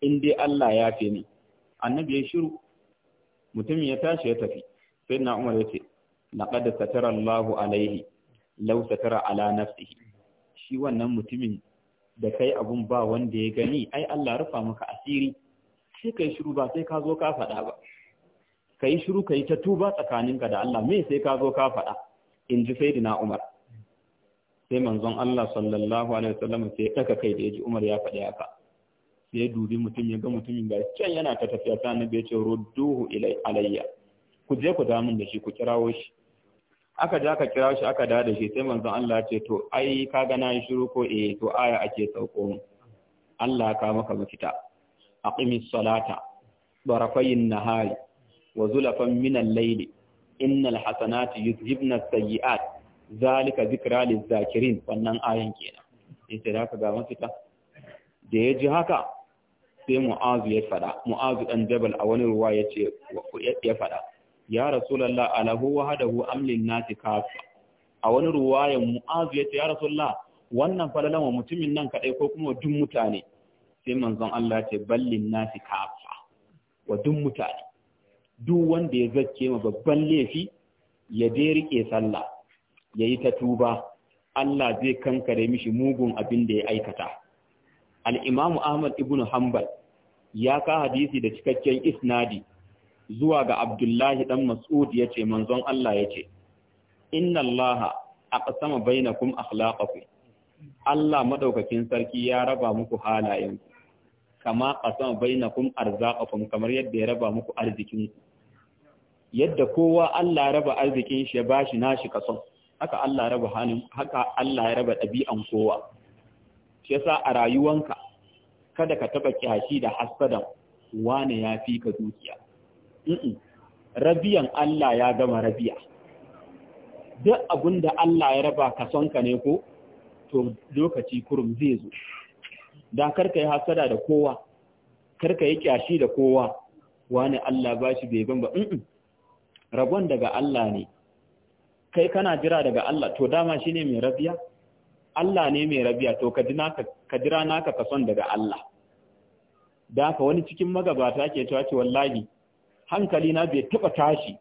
in dai Allah ya fi ni annabi ya shiru mutum ya tashi ya tafi sai na umar ya ce laqad satara Allahu alaihi lausatara satara ala nafsihi shi wannan mutumin da kai abun ba wanda ya gani ai Allah rufa maka asiri sai kai shiru ba sai ka zo ka faɗa ba kai shiru kai ta tuba tsakaninka da Allah me sai ka zo ka faɗa in ji sayyidina Umar sai manzon Allah sallallahu alaihi wasallam sai ya kai da yaji Umar ya faɗi haka sai dubi mutum ya ga mutumin ga can yana ta tafiya sai annabi ya ce rudduhu ilai alayya ku je ku damun da shi ku kirawo shi aka ja ka kira shi aka dawo da shi sai manzon Allah ce to ai ka ga na shiru ko eh to aya ake sauko Allah ka maka mafita aqimis salata barafayin nahari wa zulafan min al-layli innal hasanati yuzhibna as-sayyi'at zalika zikra liz-zakirin wannan ayan kenan sai da ka ga mafita da ya ji haka sai mu'azu ya fada mu'azu dan jabal a wani ruwa ya ce ya fada ya rasulullah alahu wa am lin nasi kafa a wani ruwayan mu'azu yace ya rasulullah wannan falalan wa mutumin nan kadai ko kuma duk mutane sai manzon Allah ce ballin nasi kafa wa duk mutane duk wanda ya zacce ma babban laifi ya je rike sallah yayi ta tuba Allah zai kankare mishi mugun abin da ya aikata al-imamu Ahmad ibn Hanbal ya ka hadisi da cikakken isnadi zuwa ga Abdullahi dan Mas'ud yace manzon Allah yace inna Allaha aqsama bainakum akhlaqakum Allah madaukakin sarki ya raba muku halayenku kama na bainakum arzaqakum kamar yadda ya raba muku arzikinku yadda kowa Allah raba arzikin shi ya bashi nashi kason haka Allah raba halin haka Allah ya raba ɗabi'an kowa shi yasa a rayuwanka kada ka taba kyashi da hasadan wane ya fi ka dukiya rabiyan Allah ya gama rabiya duk abin da Allah ya raba ka son ka ne ko to lokaci kurum zai zo da karka yi hasada da kowa karka yi kyashi da kowa wani Allah ba shi bai ban ba rabon daga Allah ne kai kana jira daga Allah to dama shi ne mai rabiya Allah ne mai rabiya to ka jira naka kason daga Allah da ka wani cikin magabata ke cewa ce wallahi hankali na bai taba tashi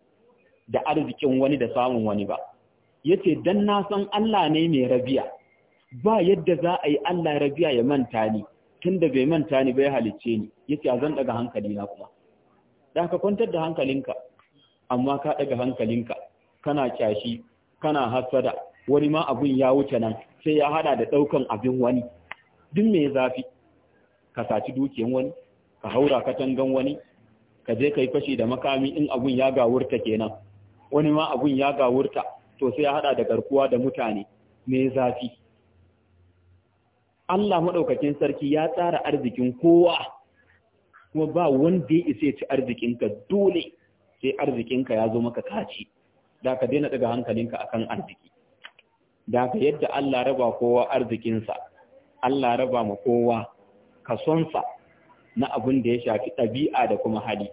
da arzikin wani da samun wani ba yace dan na san Allah ne mai rabiya ba yadda za a yi Allah rabiya ya manta ni tunda bai manta ni bai halicce ni yace a zan daga hankali na kuma da ka kwantar da hankalinka amma ka daga hankalinka kana kyashi kana hasada wani ma abun ya wuce nan sai ya hada da daukan abin wani duk mai zafi ka saci dukiyan wani ka haura katangan wani ka je kai fashi da makami in abun ya gawurta kenan wani ma abun ya gawurta to sai ya hada da garkuwa da mutane me zafi Allah madaukakin sarki ya tsara arzikin kowa kuma ba wanda ya isa ci arzikinka dole sai arzikinka ya zo maka kaci da ka daina daga hankalinka akan arziki da ka yadda Allah raba kowa arzikinsa Allah raba ma kowa kasonsa na abin da ya shafi ɗabi'a da kuma hali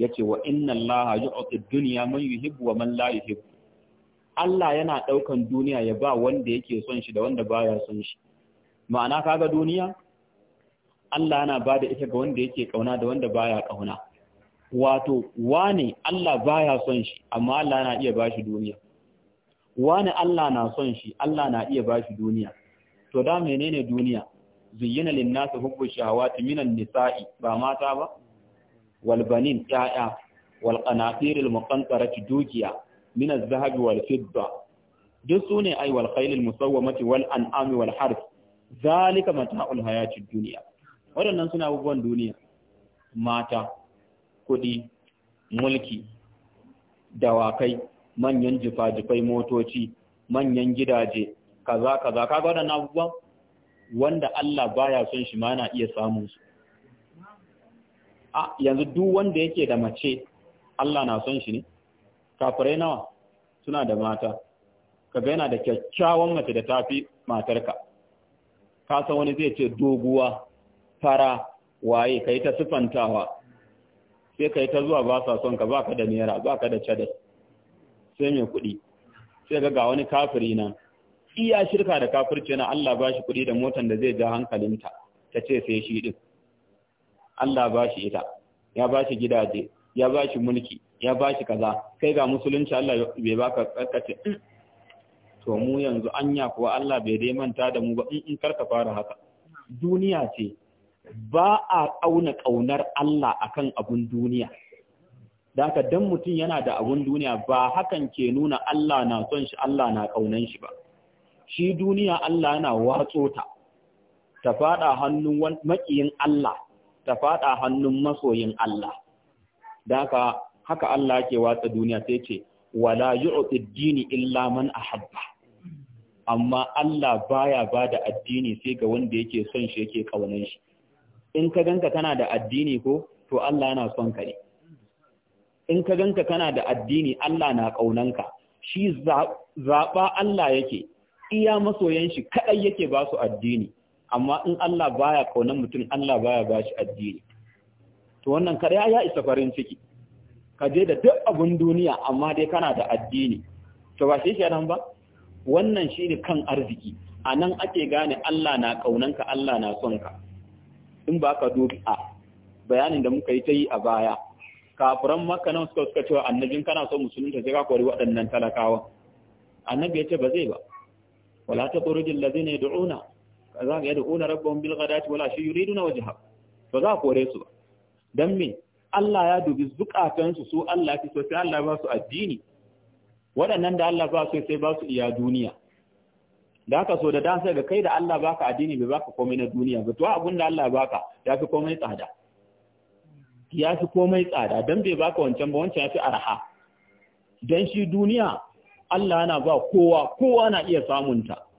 yace wa inna allaha yu'ti ad-dunya man yuhibbu wa man la yuhibbu Allah yana daukan duniya ya ba wanda yake son shi da wanda baya son shi ma'ana kaga duniya Allah yana bada ita ga wanda yake kauna da wanda baya kauna wato wane Allah baya son shi amma Allah yana iya bashi duniya Wane Allah na son shi Allah na iya bashi duniya to da menene duniya zuyyina lin nasu hubbu shahawati minan nisa'i ba mata ba walbanin ƴaƴa والقناطير المقنطرة دوكيا من الذهب والفضة دسوني أي والخيل المصومة والأنعام والحرث ذلك متاع الحياة الدنيا waɗannan suna abubuwan duniya mata kuɗi mulki dawakai manyan jifa-jifai motoci manyan gidaje kaza kaza kaga waɗannan abubuwan wanda Allah baya son shi ma na iya samun su a yanzu duk wanda yake da mace Allah na son shi ne kafirai nawa suna da mata kaga yana da kyakkyawan mace da tafi matarka ka san wani zai ce doguwa fara waye kai ta sifantawa sai kai ta zuwa ba sa son ka baka da naira baka da chada sai mai kuɗi sai ga ga wani kafiri nan iya shirka da kafirci na Allah ba shi kuɗi da motan da zai ja hankalinta ta ce sai shi din Allah ba shi ita ya ba shi gidaje ya ba shi mulki ya ba shi kaza kai ga musulunci Allah bai baka karkace mm. to mu yanzu anya kuwa Allah bai dai manta da mu ba in mm, in mm, karka fara haka duniya ce ba a auna ƙaunar Allah akan abun duniya da haka dan mutum yana da abun duniya ba hakan ke nuna Allah na son shi Allah na ƙaunan shi ba shi duniya Allah yana watso ta ta fada hannun makiyin Allah ta faɗa hannun masoyin Allah. Da haka, Allah ke watsa duniya sai ce, wala yu'ti dini illa man ahabba. Amma Allah baya ba da addini sai ga wanda yake son shi yake ƙaunar shi. In ka ganka kana da addini ko, to Allah yana son ka ne. In ka ganka kana da addini Allah na ƙaunanka, shi zaɓa Allah yake, iya masoyan shi kaɗai yake ba su addini. amma in Allah baya kaunan mutum Allah baya ba shi addini to wannan karya ya isa farin ciki ka je da duk abun duniya amma dai kana da addini to ba shi kenan ba wannan shine kan arziki anan ake gane Allah na kaunanka Allah na son ka in ba ka dubi a bayanin da muka yi ta yi a baya kafiran makka nan suka suka cewa annabin kana son musulunta sai ka kori waɗannan talakawa annabi ya ce ba zai ba wala ta qurujil ladina yad'una za ka yadda ƙuna rabban ghadati wala shi yuriduna na waje to za a kore su ba don me Allah ya dubi zukatan su Allah fi so sai Allah ba su addini waɗannan da Allah ba su sai ba su iya duniya da haka so da dan sai ga kai da Allah baka addini bai baka komai na duniya ba to abun da Allah baka ya fi komai tsada ya fi komai tsada dan bai baka wancan ba wancan ya fi arha dan shi duniya Allah yana ba kowa kowa na iya samunta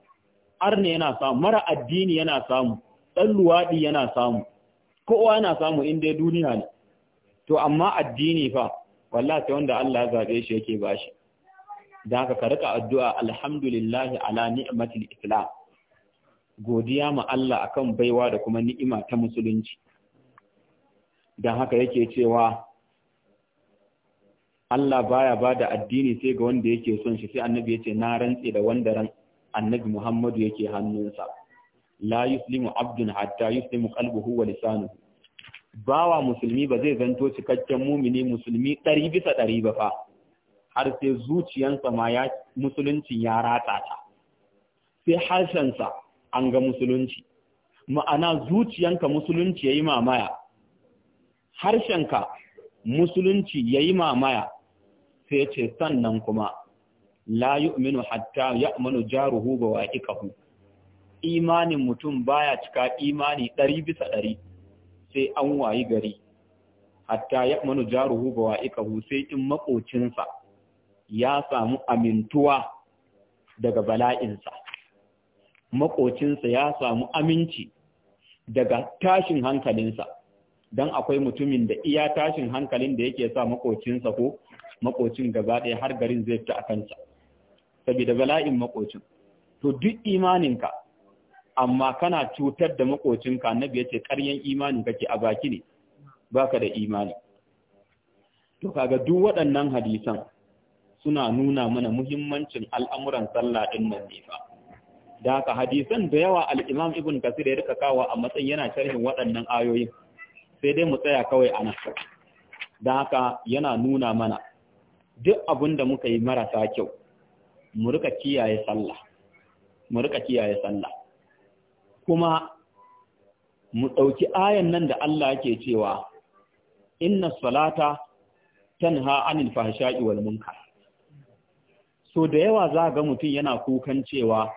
arne yana samu mara addini yana samu ɗan luwaɗi yana samu kowa yana samu in dai duniya ne to amma addini fa wallahi sai wanda Allah ya zabe shi yake bashi da haka ka rika addu'a alhamdulillah ala ni'matil islam godiya ma Allah akan baiwa da kuma ni'ima ta musulunci dan haka yake cewa Allah baya bada addini sai ga wanda yake son shi sai annabi yace na rantse da wanda ran annabi Muhammadu yake hannunsa la yuslimu abdun hatta yuslimu qalbuhu wa lisanuhu bawa musulmi ba zai zanto cikakken mumini musulmi ɗari bisa ɗari ba fa har sai zuciyansa ma ya musuluncin ya ratsa ta sai harshensa an ga musulunci ma'ana zuciyanka musulunci yayi mamaya harshenka musulunci yayi mamaya sai ce sannan kuma la yu'minu hatta ya'manu jaruhu ba waqiqahu imanin mutum baya cika imani ɗari bisa ɗari sai an wayi gari hatta ya'manu jaruhu ba waqiqahu sai in makocinsa ya samu amintuwa daga bala'insa makocinsa ya samu aminci daga tashin hankalinsa dan akwai mutumin da iya tashin hankalin da yake sa makocinsa ko makocin gaba ɗaya har garin zai fita a kansa saboda bala'in makocin to duk imaninka amma kana cutar da makocinka na ya ce ƙaryan imanin kake a baki ne baka da imani to kaga duk waɗannan hadisan suna nuna mana muhimmancin al'amuran sallah din nan ne fa da haka hadisan da yawa al-Imam Ibn Kathir ya rika kawa a matsayin yana sharhin waɗannan ayoyin sai dai mu tsaya kawai a nan da haka yana nuna mana duk abin da muka yi marasa kyau mu rika kiyaye sallah mu rika kiyaye sallah kuma mu ɗauki ayan nan da Allah yake cewa inna salata tanha anil fahsha'i wal munkar so da yawa za ga mutum yana kukan cewa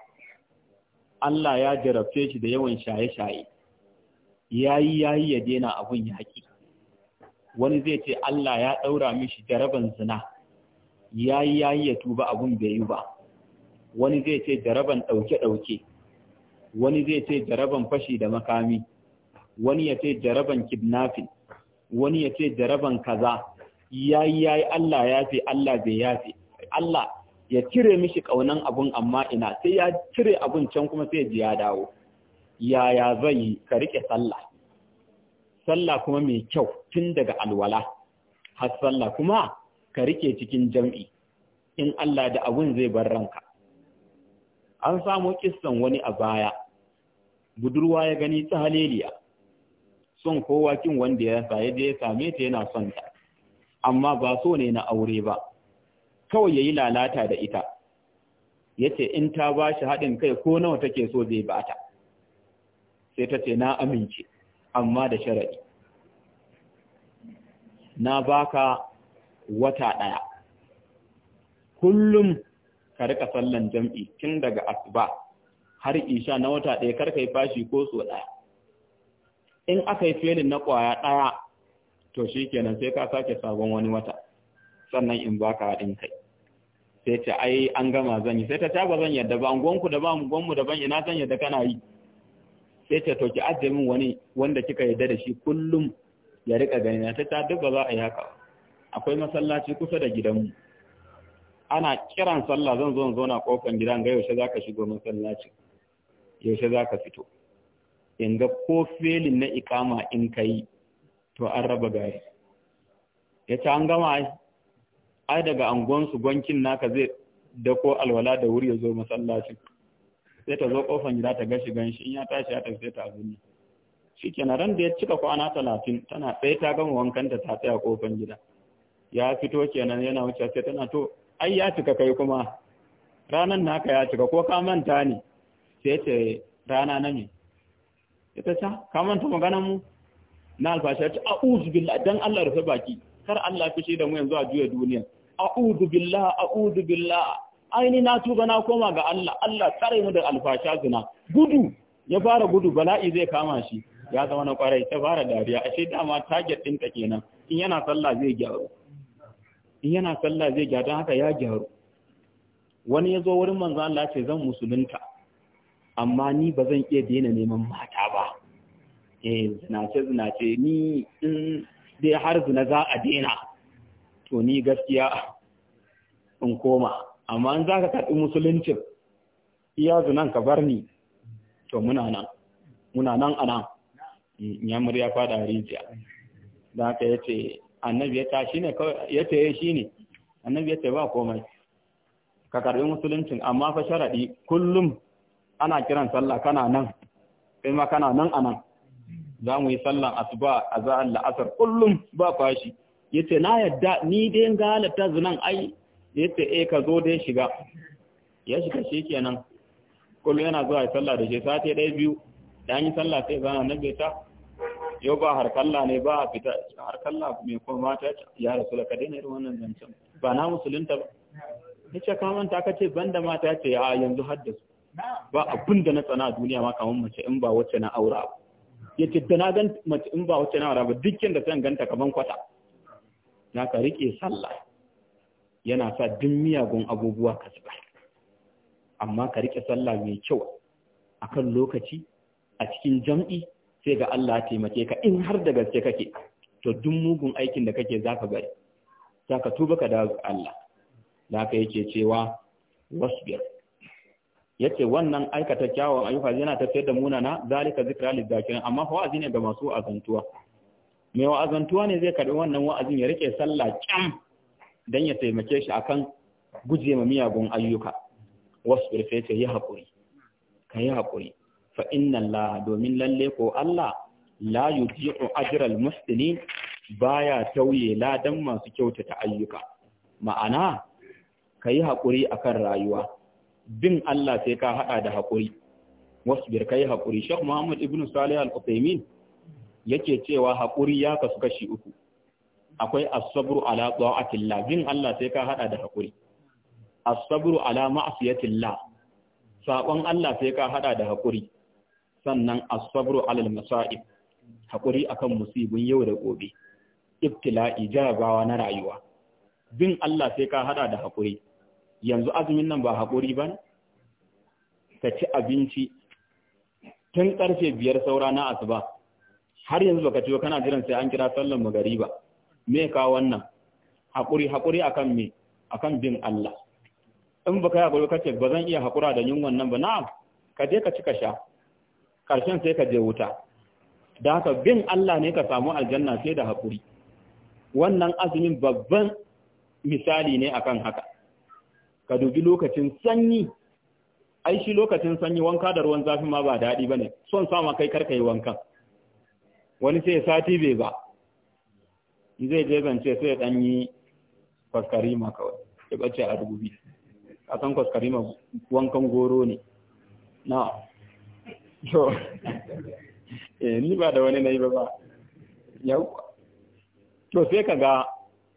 Allah ya jarabce shi da yawan shaye-shaye yayi yayi ya dena abun yaki wani zai ce Allah ya daura mishi jaraban zina Ya yi ya yi ya tuba abin bai yi ba wani zai ce jaraban ɗauke-ɗauke. wani zai ce jaraban fashi da makami wani ya ce jaraban kidnafin. wani ya ce jaraban kaza Ya yi Allah ya fi Allah bai ya fi Allah ya cire mishi ƙaunan abun amma ina sai ya cire abun can kuma sai ji ya dawo yaya zai yi ka rike sallah sallah kuma mai kyau tun daga alwala har sallah kuma ka rike cikin jam'i in Allah da abun zai bar ranka an samu kistan wani a baya budurwa ya gani ta haleliya son kowa kin wanda ya sa yadda ya same ta yana son ta amma ba so ne na aure ba kawai ya yi lalata da ita Ya ce in ta ba shi haɗin kai ko nawa take so zai bata sai ta ce na amince amma da shara'i. na baka wata ɗaya. Kullum ka rika sallan jam'i tun daga asuba har isha na wata ɗaya kar ka yi fashi ko so ɗaya. In aka yi na ƙwaya ɗaya, to shi kenan sai ka sake sabon wani wata, sannan in ba ka haɗin kai. Sai ta ai an gama zan yi, sai ta ta ba zan yadda ba, da ba, angonmu da ban ina zan yadda kana yi. sai ta ajiye min wani wanda kika yarda da shi kullum ya rika gani na ta ta duk ba za a yi haka akwai masallaci kusa da gidanmu ana kiran sallah zan zo zauna kofan gidan ga yaushe zaka shigo masallaci yaushe zaka fito in ko felin na ikama in kai to an raba gari ce an gama ai daga angon su naka zai dako alwala da wuri ya zo masallacin sai ta zo kofan gida ta gashi ganshi in ya tashi ya tafi ta abin shi kenan ran da ya cika kwana talatin tana tsaye ta gama wankanta ta tsaya kofan gida ya fito kenan yana wuce sai tana to ai ya cika kai kuma ranan naka ya cika ko ka manta ne sai ce rana na ne. ita ta ka manta magana mu na alfashar ta a'udhu billahi dan Allah rufe baki kar Allah fice da mu yanzu a juya duniya a'udhu billahi a'udhu billahi aini na tuba na koma ga Allah Allah tsare mu da alfasha zina gudu ya fara gudu bala'i zai kama shi ya zama na kwarai ta fara dariya ashe dama target ɗinta kenan in yana sallah zai gyaru in yana sallah zai gyada haka ya gyaru wani ya zo wurin manzo Allah ce zan musulunta amma ni ba zan iya daina neman mata ba eh zinace zinace ni in dai har zina za a daina to ni gaskiya in koma amma an za ka karɓi musuluncin iya zinan ka bar ni to muna nan muna nan a nan eh, ya murya fada rijiya da aka yace annabi ya ta ne kawai ya taye eh, ne. annabi ya ba komai ka karbi musuluncin amma fa sharadi kullum ana kiran sallah kana nan kai ma kana nan anan za mu yi sallan asuba a za'an la'asar kullum ba fashi yace na yadda ni dai ga halatta zunan ai yace eh ka zo dai shiga ya shiga shi kenan kullum yana zuwa sallah da shi sati ɗaya biyu da an yi sallah sai zana nan ta yau ba harkalla ne ba a fita harkalla mai kuma mata ya rasu ka daina irin wannan zancen ba na musulunta ba ni ce ka manta ka ce banda mata ce a yanzu haddasa ba abin da na tsana duniya ma kamar mace in ba wacce na aura ba ya ce da na gan mace in ba wacce na aura ba dukkan da zan ganta kaman kwata na ka rike sallah yana sa duk miyagun abubuwa ka zuba amma ka rike sallah mai kyau akan lokaci a cikin jam'i sai ga Allah taimake ka in har da gaske kake to duk mugun aikin da kake zaka bari zaka tuba ka dawo Allah da haka yake cewa wasbir yace wannan aikata kyawun ayyuka yana tafiyar da munana zalika zikra lil zakirin amma wa'azi ne ga masu azantuwa mai wa'azantuwa ne zai karbi wannan wa'azin ya rike sallah kyam dan ya taimake shi akan guje ma miyagun ayyuka wasbir sai yace yi hakuri ka yi hakuri fa inna Allah domin lalle ko Allah la yudi'u ajral muslimin baya tauye ladan masu kyautata ayyuka ma'ana kai hakuri akan rayuwa bin Allah sai ka hada da hakuri wasbir kai hakuri Sheikh Muhammad Ibn Salih Al-Uthaymeen yake cewa hakuri ya kasu kashi uku akwai as-sabru ala ta'atillah bin Allah sai ka hada da hakuri as-sabru ala ma'siyatillah sabon Allah sai ka hada da hakuri sannan as-sabru 'alal masa'ib hakuri akan musibin yau da gobe ibtila'i jarabawa na rayuwa bin Allah sai ka hada da hakuri yanzu azumin nan ba hakuri ba ka ci abinci tun karfe biyar saura na asuba har yanzu baka ciwo kana jiran sai an kira sallan magariba me ka wannan hakuri hakuri akan me akan bin Allah in baka yi hakuri kace ba iya hakura da yunwan nan ba na'am ka je ka ci ka sha karshen sai ka je wuta da haka bin Allah ne ka samu aljanna sai da haƙuri wannan azumin babban misali ne akan haka ka dubi lokacin sanyi ai shi lokacin sanyi wanka da ruwan zafi ma ba daɗi ba ne son sama kai karka yi wankan wani sai sati bai ba zai je zance sai ya ɗanyi kwaskari ma kawai ya ɓace a rububi a san kwaskari ma wankan goro ne na to eh, ni ba da wani na yi ba ba yau to sai kaga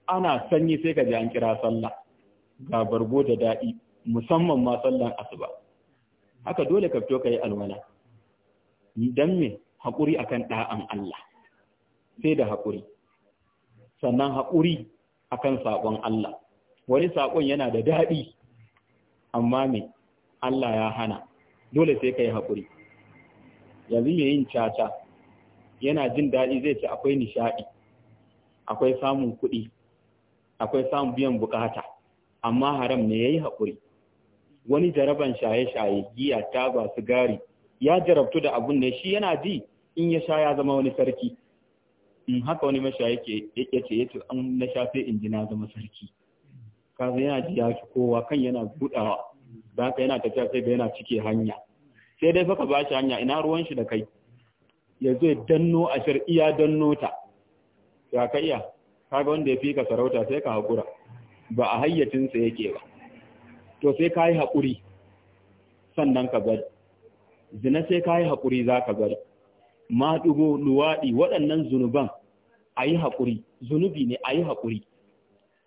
ana sanyi sai ka ji an kira sallah ga bargo da daɗi musamman ma sallan asuba haka dole ka fito ka yi alwala don me haƙuri akan ɗa'an Allah sai da haƙuri sannan haƙuri akan saƙon Allah wani saƙon yana da daɗi amma me Allah ya hana dole sai ka yi haƙuri yanzu mai yin caca yana jin daɗi zai ce akwai nishaɗi akwai samun kuɗi akwai samun biyan bukata amma haram ne ya yi haƙuri wani jaraban shaye-shaye giya taba sigari ya jarabtu da abun ne shi yana ji in ya sha ya zama wani sarki in haka wani mashaye ke yake ce yace an na shafe in ji na zama sarki kaza yana ji ya kowa kan yana budawa da haka yana tafiya sai ga yana cike hanya sai dai baka bashi hanya ina ruwan shi da kai ya zo danno a shar'iya danno ta ya ka ya kaga wanda ya fika sarauta sai ka haƙura ba a hayyacinsa yake ba to sai ka yi haƙuri sannan ka bari zina sai ka yi haƙuri za ka bari maɗugo luwaɗi waɗannan zunuban a yi haƙuri zunubi ne ayi yi haƙuri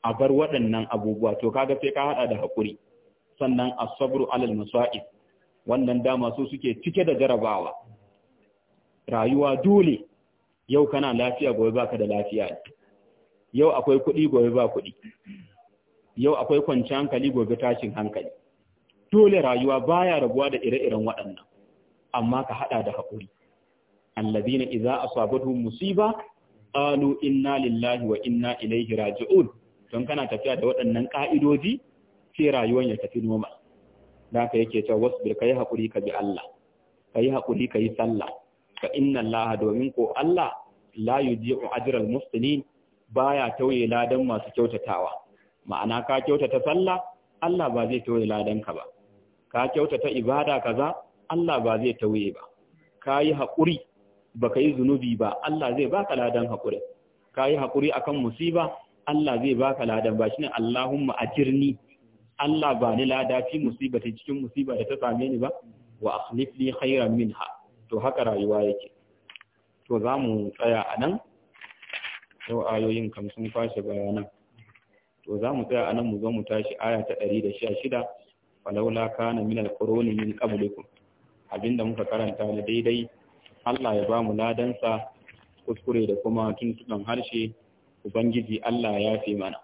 a bar waɗannan abubuwa to kaga sai ka haɗa da haƙuri sannan sabru alal masa'ib wannan dama su suke cike da jarabawa rayuwa dole yau kana lafiya gobe baka da lafiya yau akwai kuɗi gobe ba kuɗi yau akwai kwanci hankali gobe tashin hankali dole rayuwa baya rabuwa da ire-iren waɗannan amma ka haɗa da haƙuri allazina idza asabatuhum musiba qalu inna lillahi wa inna ilaihi raji'un don kana tafiya da waɗannan ka'idoji sai rayuwar ya tafi normal da ka yake cewa wasbir kai hakuri ka bi Allah kai hakuri kai sallah ka inna Allah domin ko Allah la yuji'u ajral muslimin baya tauye ladan masu kyautatawa ma'ana ka kyautata sallah Allah ba zai tauye ladan ka ba ka kyautata ibada kaza Allah ba zai tauye ba ka yi hakuri baka yi zunubi ba Allah zai baka ladan hakuri ka yi haƙuri akan musiba Allah zai baka ladan ba shine Allahumma ajirni Allah ba ni lada fi ta cikin musiba da ta same ni ba wa akhlif li khairan minha to haka rayuwa yake to za tsaya anan. to ayoyin kam sun kwashe bayanan to za tsaya anan mu zo mu tashi aya ta 116 falaula kana min alquruni min qablikum abinda muka karanta na daidai Allah ya ba mu ladansa kuskure da kuma tuntuban harshe ubangiji Allah ya fi mana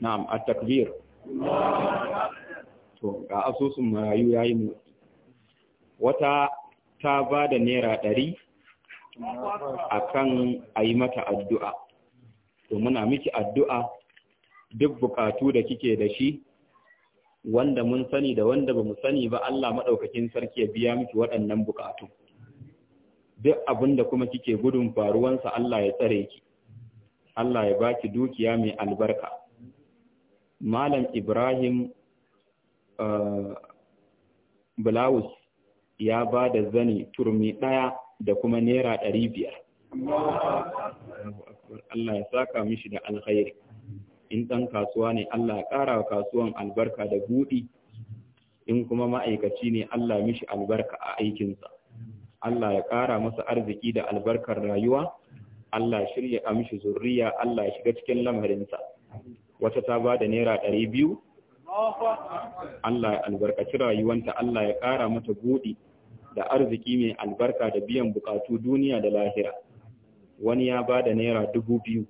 na'am at-takbir to ga asusun marayu yayi motsi. wata ta ba da naira ɗari akan a yi mata addu'a to muna miki addu'a duk bukatu da kike da shi wanda mun sani da wanda ba mu sani ba Allah maɗaukakin sarki ya biya miki waɗannan bukatu duk abin da kuma kike gudun faruwansa Allah ya tsare ki Allah ya baki dukiya mai albarka Malam Ibrahim eh, Bulawus ya ba da zani turmi ɗaya da kuma Naira ɗari biyar. Allah ya saka mishi da alkhairi. In ɗan kasuwa ne Allah ya ƙara wa kasuwan albarka da buɗi, in kuma ma'aikaci ne Allah mishi albarka a aikinsa. Allah ya ƙara masa arziki da albarkar rayuwa, Allah shirya a mishi zurriya, Allah ya shiga cikin lamarinsa. wata ta ba da naira ɗari biyu Allah ya albarkaci rayuwanta Allah ya ƙara mata buɗi da arziki mai albarka da biyan buƙatu duniya da lahira wani ya ba da naira dubu biyu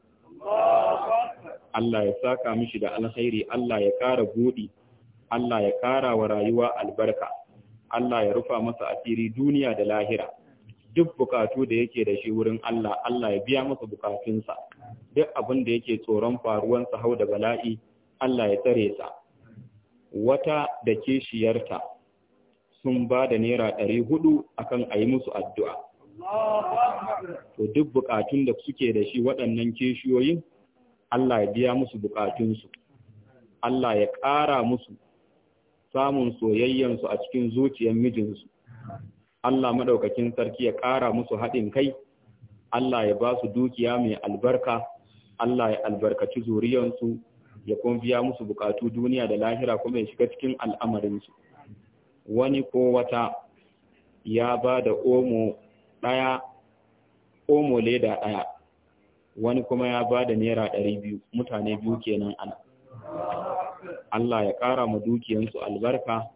Allah ya saka mishi da alkhairi Allah ya ƙara buɗi Allah ya ƙara wa rayuwa albarka Allah ya rufa masa asiri duniya da lahira duk bukatu da yake da shi wurin Allah Allah ya biya masa bukatunsa duk abin da yake tsoron faruwan sa hau da bala'i Allah ya tsare sa wata da kishiyarta sun ba da naira ɗari hudu akan a yi musu addu'a to duk bukatun da suke da shi waɗannan kishiyoyin Allah ya biya musu bukatunsu Allah ya ƙara musu samun soyayyansu a cikin zuciyar mijinsu Allah madaukakin sarki ya ƙara musu haɗin kai Allah ya ba su dukiya mai albarka Allah ya albarkaci zuriyansu ya kuma musu bukatu duniya da lahira kuma ya shiga cikin al'amarinsu wani ko wata ya ba da omo ɗaya omo leda ɗaya wani kuma ya ba da naira ɗari biyu mutane biyu kenan ana Allah ya ƙara mu dukiyansu albarka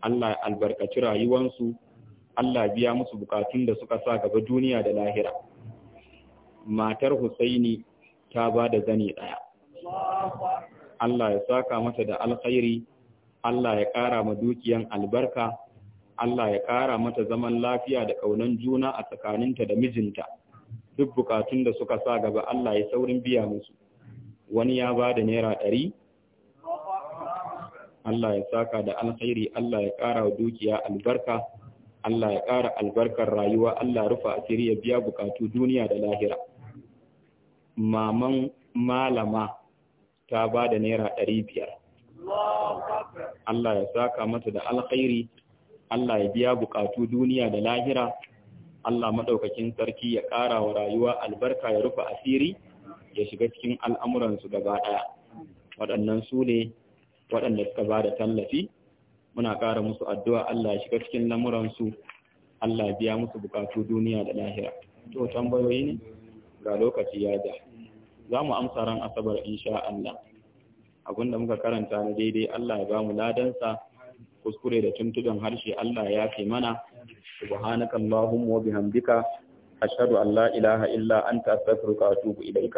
Allah ya albarkaci rayuwansu Allah biya musu bukatun da suka sa gaba duniya da lahira. Matar Husaini ta ba da zani ɗaya. Allah ya saka mata da alkhairi, Allah ya ƙara ma dukiyan albarka, Allah ya ƙara mata zaman lafiya da ƙaunan juna a tsakaninta da mijinta. Duk bukatun da suka sa gaba Allah ya saurin biya musu. Wani ya ba da naira ɗari, Allah ya saka da alkhairi, Allah ya ƙara wa dukiya albarka. Allah ya ƙara albarkar rayuwa Allah rufa asiri ya biya bukatu duniya da lahira maman malama ta ba da naira ɗari biyar Allah ya saka mata da alkhairi Allah ya biya bukatu duniya da lahira Allah maɗaukakin sarki ya ƙara wa rayuwa albarka ya rufa asiri ya shiga cikin al'amuransu gaba ɗaya waɗannan su ne waɗanda suka ba da tallafi muna ƙara musu addu'a Allah ya shiga cikin lamuransu Allah biya musu bukatu duniya da lahira to tambayoyi ne ga lokaci ya ja za mu amsa ran asabar insha Allah da muka karanta na daidai Allah ya ba mu ladansa kuskure da tuntuban harshe Allah ya fi mana subhanakallahumma wa bihamdika ashhadu an la ilaha illa anta astaghfiruka wa atubu ilaika